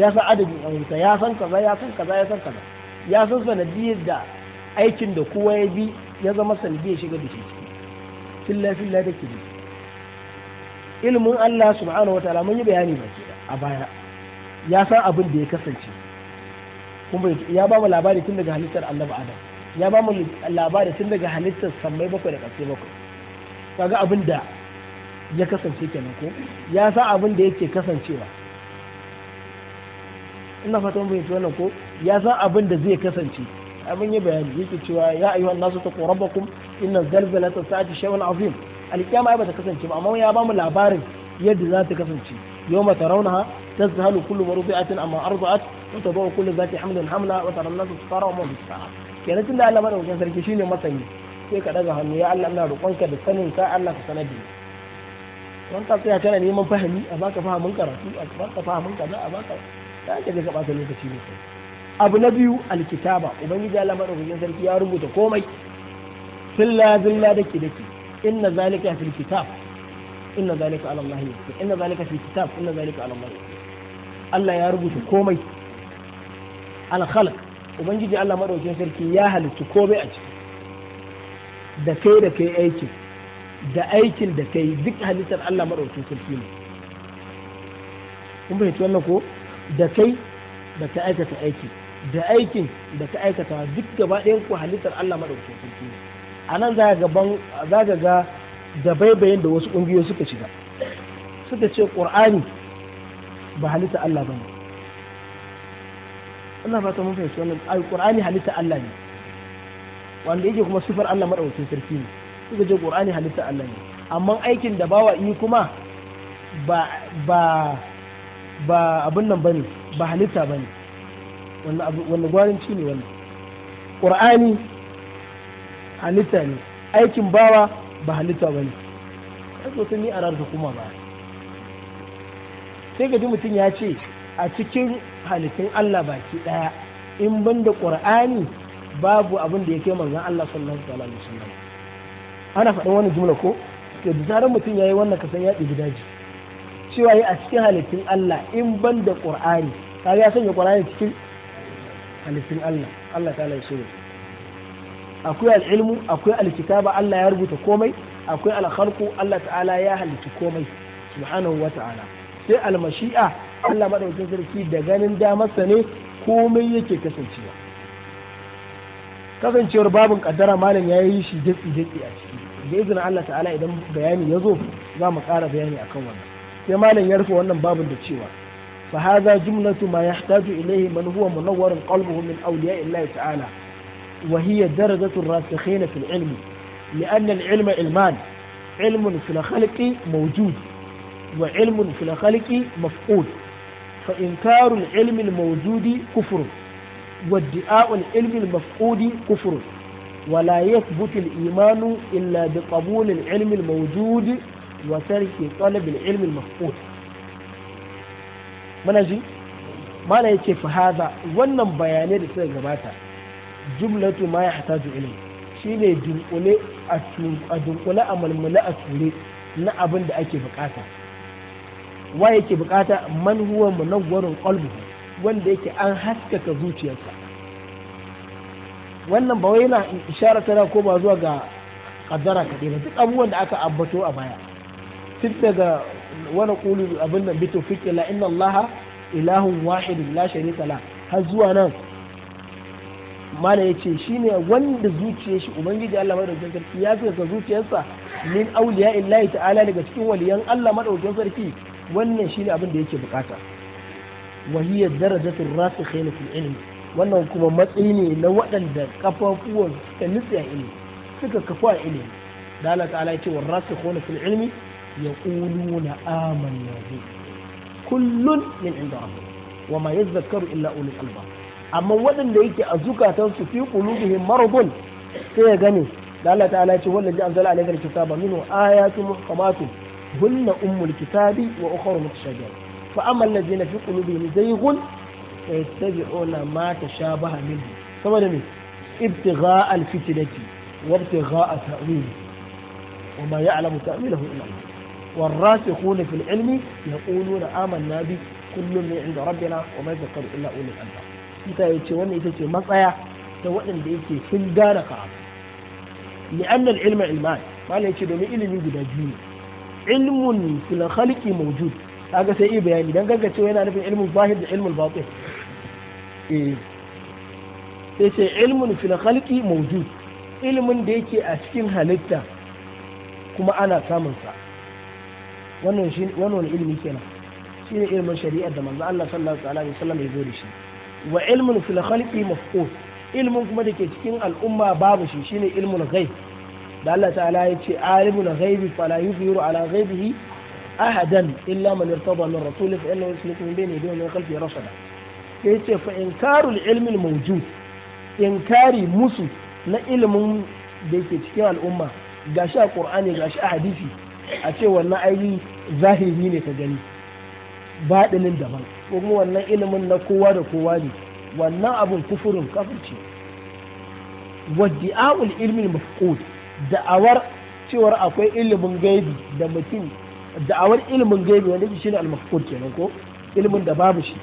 ya san adadin ayyuka ya san kaza ya san kaza ya san kaza ya san sanadiyar da aikin da kowa ya bi ya zama sanadiyar shiga da shi filla filla da kiri ilimin Allah subhanahu wataala mun yi bayani ba a baya ya san abin da ya kasance kuma ya ba mu labari tun daga halittar annabi adam ya ba mu labari tun daga halittar sammai bakwai da kasai bakwai kaga abin da ya kasance kenan ko ya sa abin da yake kasancewa ina fatan fahimci wannan ko ya san abin da zai kasance abin ya bayani yake cewa ya ayyuhan nasu taqu rabbakum inna zalzalata sa'ati shay'un azim alkiyama ba ta kasance ba amma ya ba mu labarin yadda za ta kasance يوم ترونها ta كل مرضعة أما أرضعت وتضع كل ذات حمل حملة وترى الناس سكارى وما بالسكارى kenan tunda Allah madaukakin sarki shine masani sai ka daga hannu ya Allah ina roƙonka da sanin ka Allah ka sanar da ni neman fahimi a baka fahimin karatu a baka fahimin kaza a baka ta ka je ka bata lokaci ne sai abu na biyu alkitaba ubangiji Allah madaukakin sarki ya rubuta komai filla zilla dake dake inna zalika fil inna zalika ala Allah yasir inna zalika fi kitab inna zalika ala Allah Allah ya rubuta komai al khalq ubangiji Allah madaukin sarki ya halitta komai a ciki da kai da kai aiki da aikin da kai duk halittar Allah madaukin sarki ne kun fahimci wannan ko da kai da ka aikata aiki da aikin da ka aikata duk gaba ɗayan ku halittar Allah madaukin sarki ne a nan za ga da baibayin da wasu ƙungiyoyi suka shiga suka ce ƙur'ani ba halitta Allah ba ne Allah ba ta mun fahimci wannan alƙur'ani halitta Allah ne wanda yake kuma sifar Allah maɗaukakin sarki ne suka ce ƙur'ani halitta Allah ne amma aikin da bawa yi kuma ba ba ba abin nan bane ba halitta bane wannan wannan ci ne wannan ƙur'ani halitta ne aikin bawa ba halitta ba ne ɗan sun ni a ranar kuma ba sai gaji mutum ya ce a cikin halittun Allah baki ɗaya in ban da ƙur'ani babu abin da ya kai manzon Allah sallallahu alaihi wasallam ana faɗin wani jumla ko to da zarar mutum yayi wannan san ya ɗibi daji cewa yi a cikin halittun Allah in ban da ƙur'ani ga ya sanya ƙur'ani cikin halittun Allah Allah ta'ala ya so akwai al'ilmu akwai alkitaba Allah ya rubuta komai akwai alkhalqu Allah ta'ala ya halitta komai subhanahu wa ta'ala sai almashi'a Allah madaukin sarki da ganin damarsa ne komai yake kasancewa kasancewar babin kaddara malam ya yi shi jitsi jitsi a ciki da izinin Allah ta'ala idan bayani ya zo za mu ƙara bayani akan wannan sai malam ya rufe wannan babin da cewa fa hadha jumlatu ma yahtaju ilayhi man huwa munawwarun qalbuhu min awliya'illahi ta'ala وهي درجة الراسخين في العلم لأن العلم علمان علم في الخلق موجود وعلم في الخلق مفقود فإنكار العلم الموجود كفر وادعاء العلم المفقود كفر ولا يثبت الإيمان إلا بقبول العلم الموجود وترك طلب العلم المفقود منجي ما لا يتفى هذا ونن بياني لسيجباته jumlatu ma ya hataju ilmi shine ne a dunkule a malmule a ture na abin da ake bukata wa yake bukata man huwa munawwarun qalbuhu wanda yake an haskaka zuciyarsa wannan ba wai na isharar tana ko ba zuwa ga kadara kaɗai ba duk abubuwan da aka ambato a baya tun daga wani kulu abin da bito fikila inna allaha ilahun wahidun la sharika la har zuwa nan mala ya ce shi ne wanda zuciya shi ubangiji Allah madaukakin sarki ya fi ka zuciyarsa min auliya illahi ta'ala daga cikin waliyan Allah madaukakin sarki wannan shi ne abin da yake bukata wahiya darajatul rasikhin fil ilmi wannan kuma matsayi ne na waɗanda kafafuwan suka nutse a ilimi suka kafu a ilimi da Allah ta'ala ya ce wa rasikhun fil ilmi yaquluna amanna bi kullun min inda rabbik wa ma yadhakkaru illa ulul albab amma waɗanda yake a zukatansu fi kulubihim maradun sai ya gane da Allah ta'ala ce wannan ji anzala alaikal kitaba minhu ayatu muhkamatu hunna ummul kitabi wa ukhra mutashabihat fa amma alladhina fi qulubihim zayghun yattabi'una ma tashabaha minhu saboda me ibtigha'a alfitnati wa ibtigha'a ta'wili wa ma ya'lamu ta'wilahu illa Allah والراسخون في العلم يقولون آمنا به كل من عند ربنا وما يذكر إلا أولي الألباب ita ya ce wannan ita ce matsaya ta waɗanda yake sun gane karatu li'annal ilma ilman malam yace domin ilimi guda biyu ne ilmun fil khalqi mawjud kaga sai yi bayani dan ganga cewa yana nufin ilmun zahir da ilmun batin eh sai ce ilmun fil khalqi mawjud ilmin da yake a cikin halitta kuma ana samun sa wannan shi wannan ilimi kenan ilmin shari'a da manzo Allah sallallahu alaihi wasallam ya zo da shi wa ilmin fil khalqi mafqud ilmun kuma da ke cikin al'umma babu shi shine ilmul ghaib da Allah ta'ala ya ce alimul ghaibi fala yuzhiru ala ghaibihi ahadan illa man irtada min rasul fa innahu yusliku min bayni yadayhi wa khalfihi rasada sai ce fa inkarul ilmil mawjud inkari musu na ilmin da ke cikin al'umma gashi a qur'ani gashi a hadisi a ce wannan ayi zahiri ne ta gani baɗinin daban ko kuma wannan ilimin na kowa da kowa ne wannan abun kufurin kafirci waddi'a'ul ilmin mafqud da'awar cewar akwai ilimin gaibi da mutum da'awar ilimin gaibi wanda shi ne al kenan ko ilimin da babu shi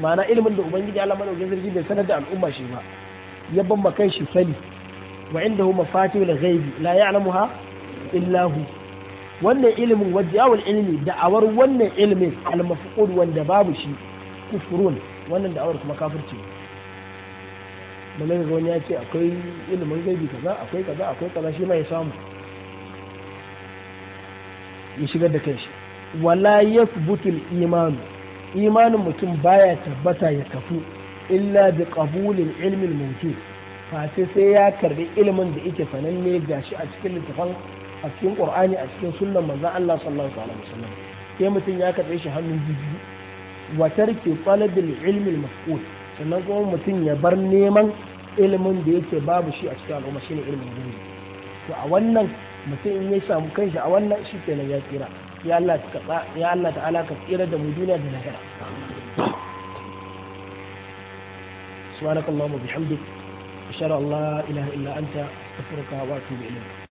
ma'ana ilimin da ubangiji Allah madaukakin sarki bai sanar da al'umma shi ba ya ban makan shi sani wa indahu mafatihul ghaibi la ya'lamuha illa hu wannan ilimin wajawul ilmi da'awar wannan ilimin al-mafqud wanda babu shi kufurun wannan da'awar kuma kafirci ne malai ga wani ya ce akwai ilimin gaibi kaza akwai kaza akwai kaza shi mai ya samu ya shigar da kai shi wala yathbutul imanu imanin mutum baya tabbata ya kafu illa bi qabulil ilmi al-mumkin fa sai ya karbi ilimin da yake sananne gashi a cikin littafin a cikin qur'ani a cikin sunnan manzon Allah sallallahu alaihi wasallam sai mutum ya karɓe shi hannun biyu wa tarki talabil ilmi al sannan kuma mutum ya bar neman ilimin da yake babu shi a cikin al'umma shine ilimin gani to a wannan mutum in ya samu kanshi a wannan shi kenan ya tsira ya Allah ka ya Allah ta'ala ka tsira da mu duniya da lahira subhanakallahumma bihamdik ashhadu an la ilaha illa anta astaghfiruka wa atubu ilayk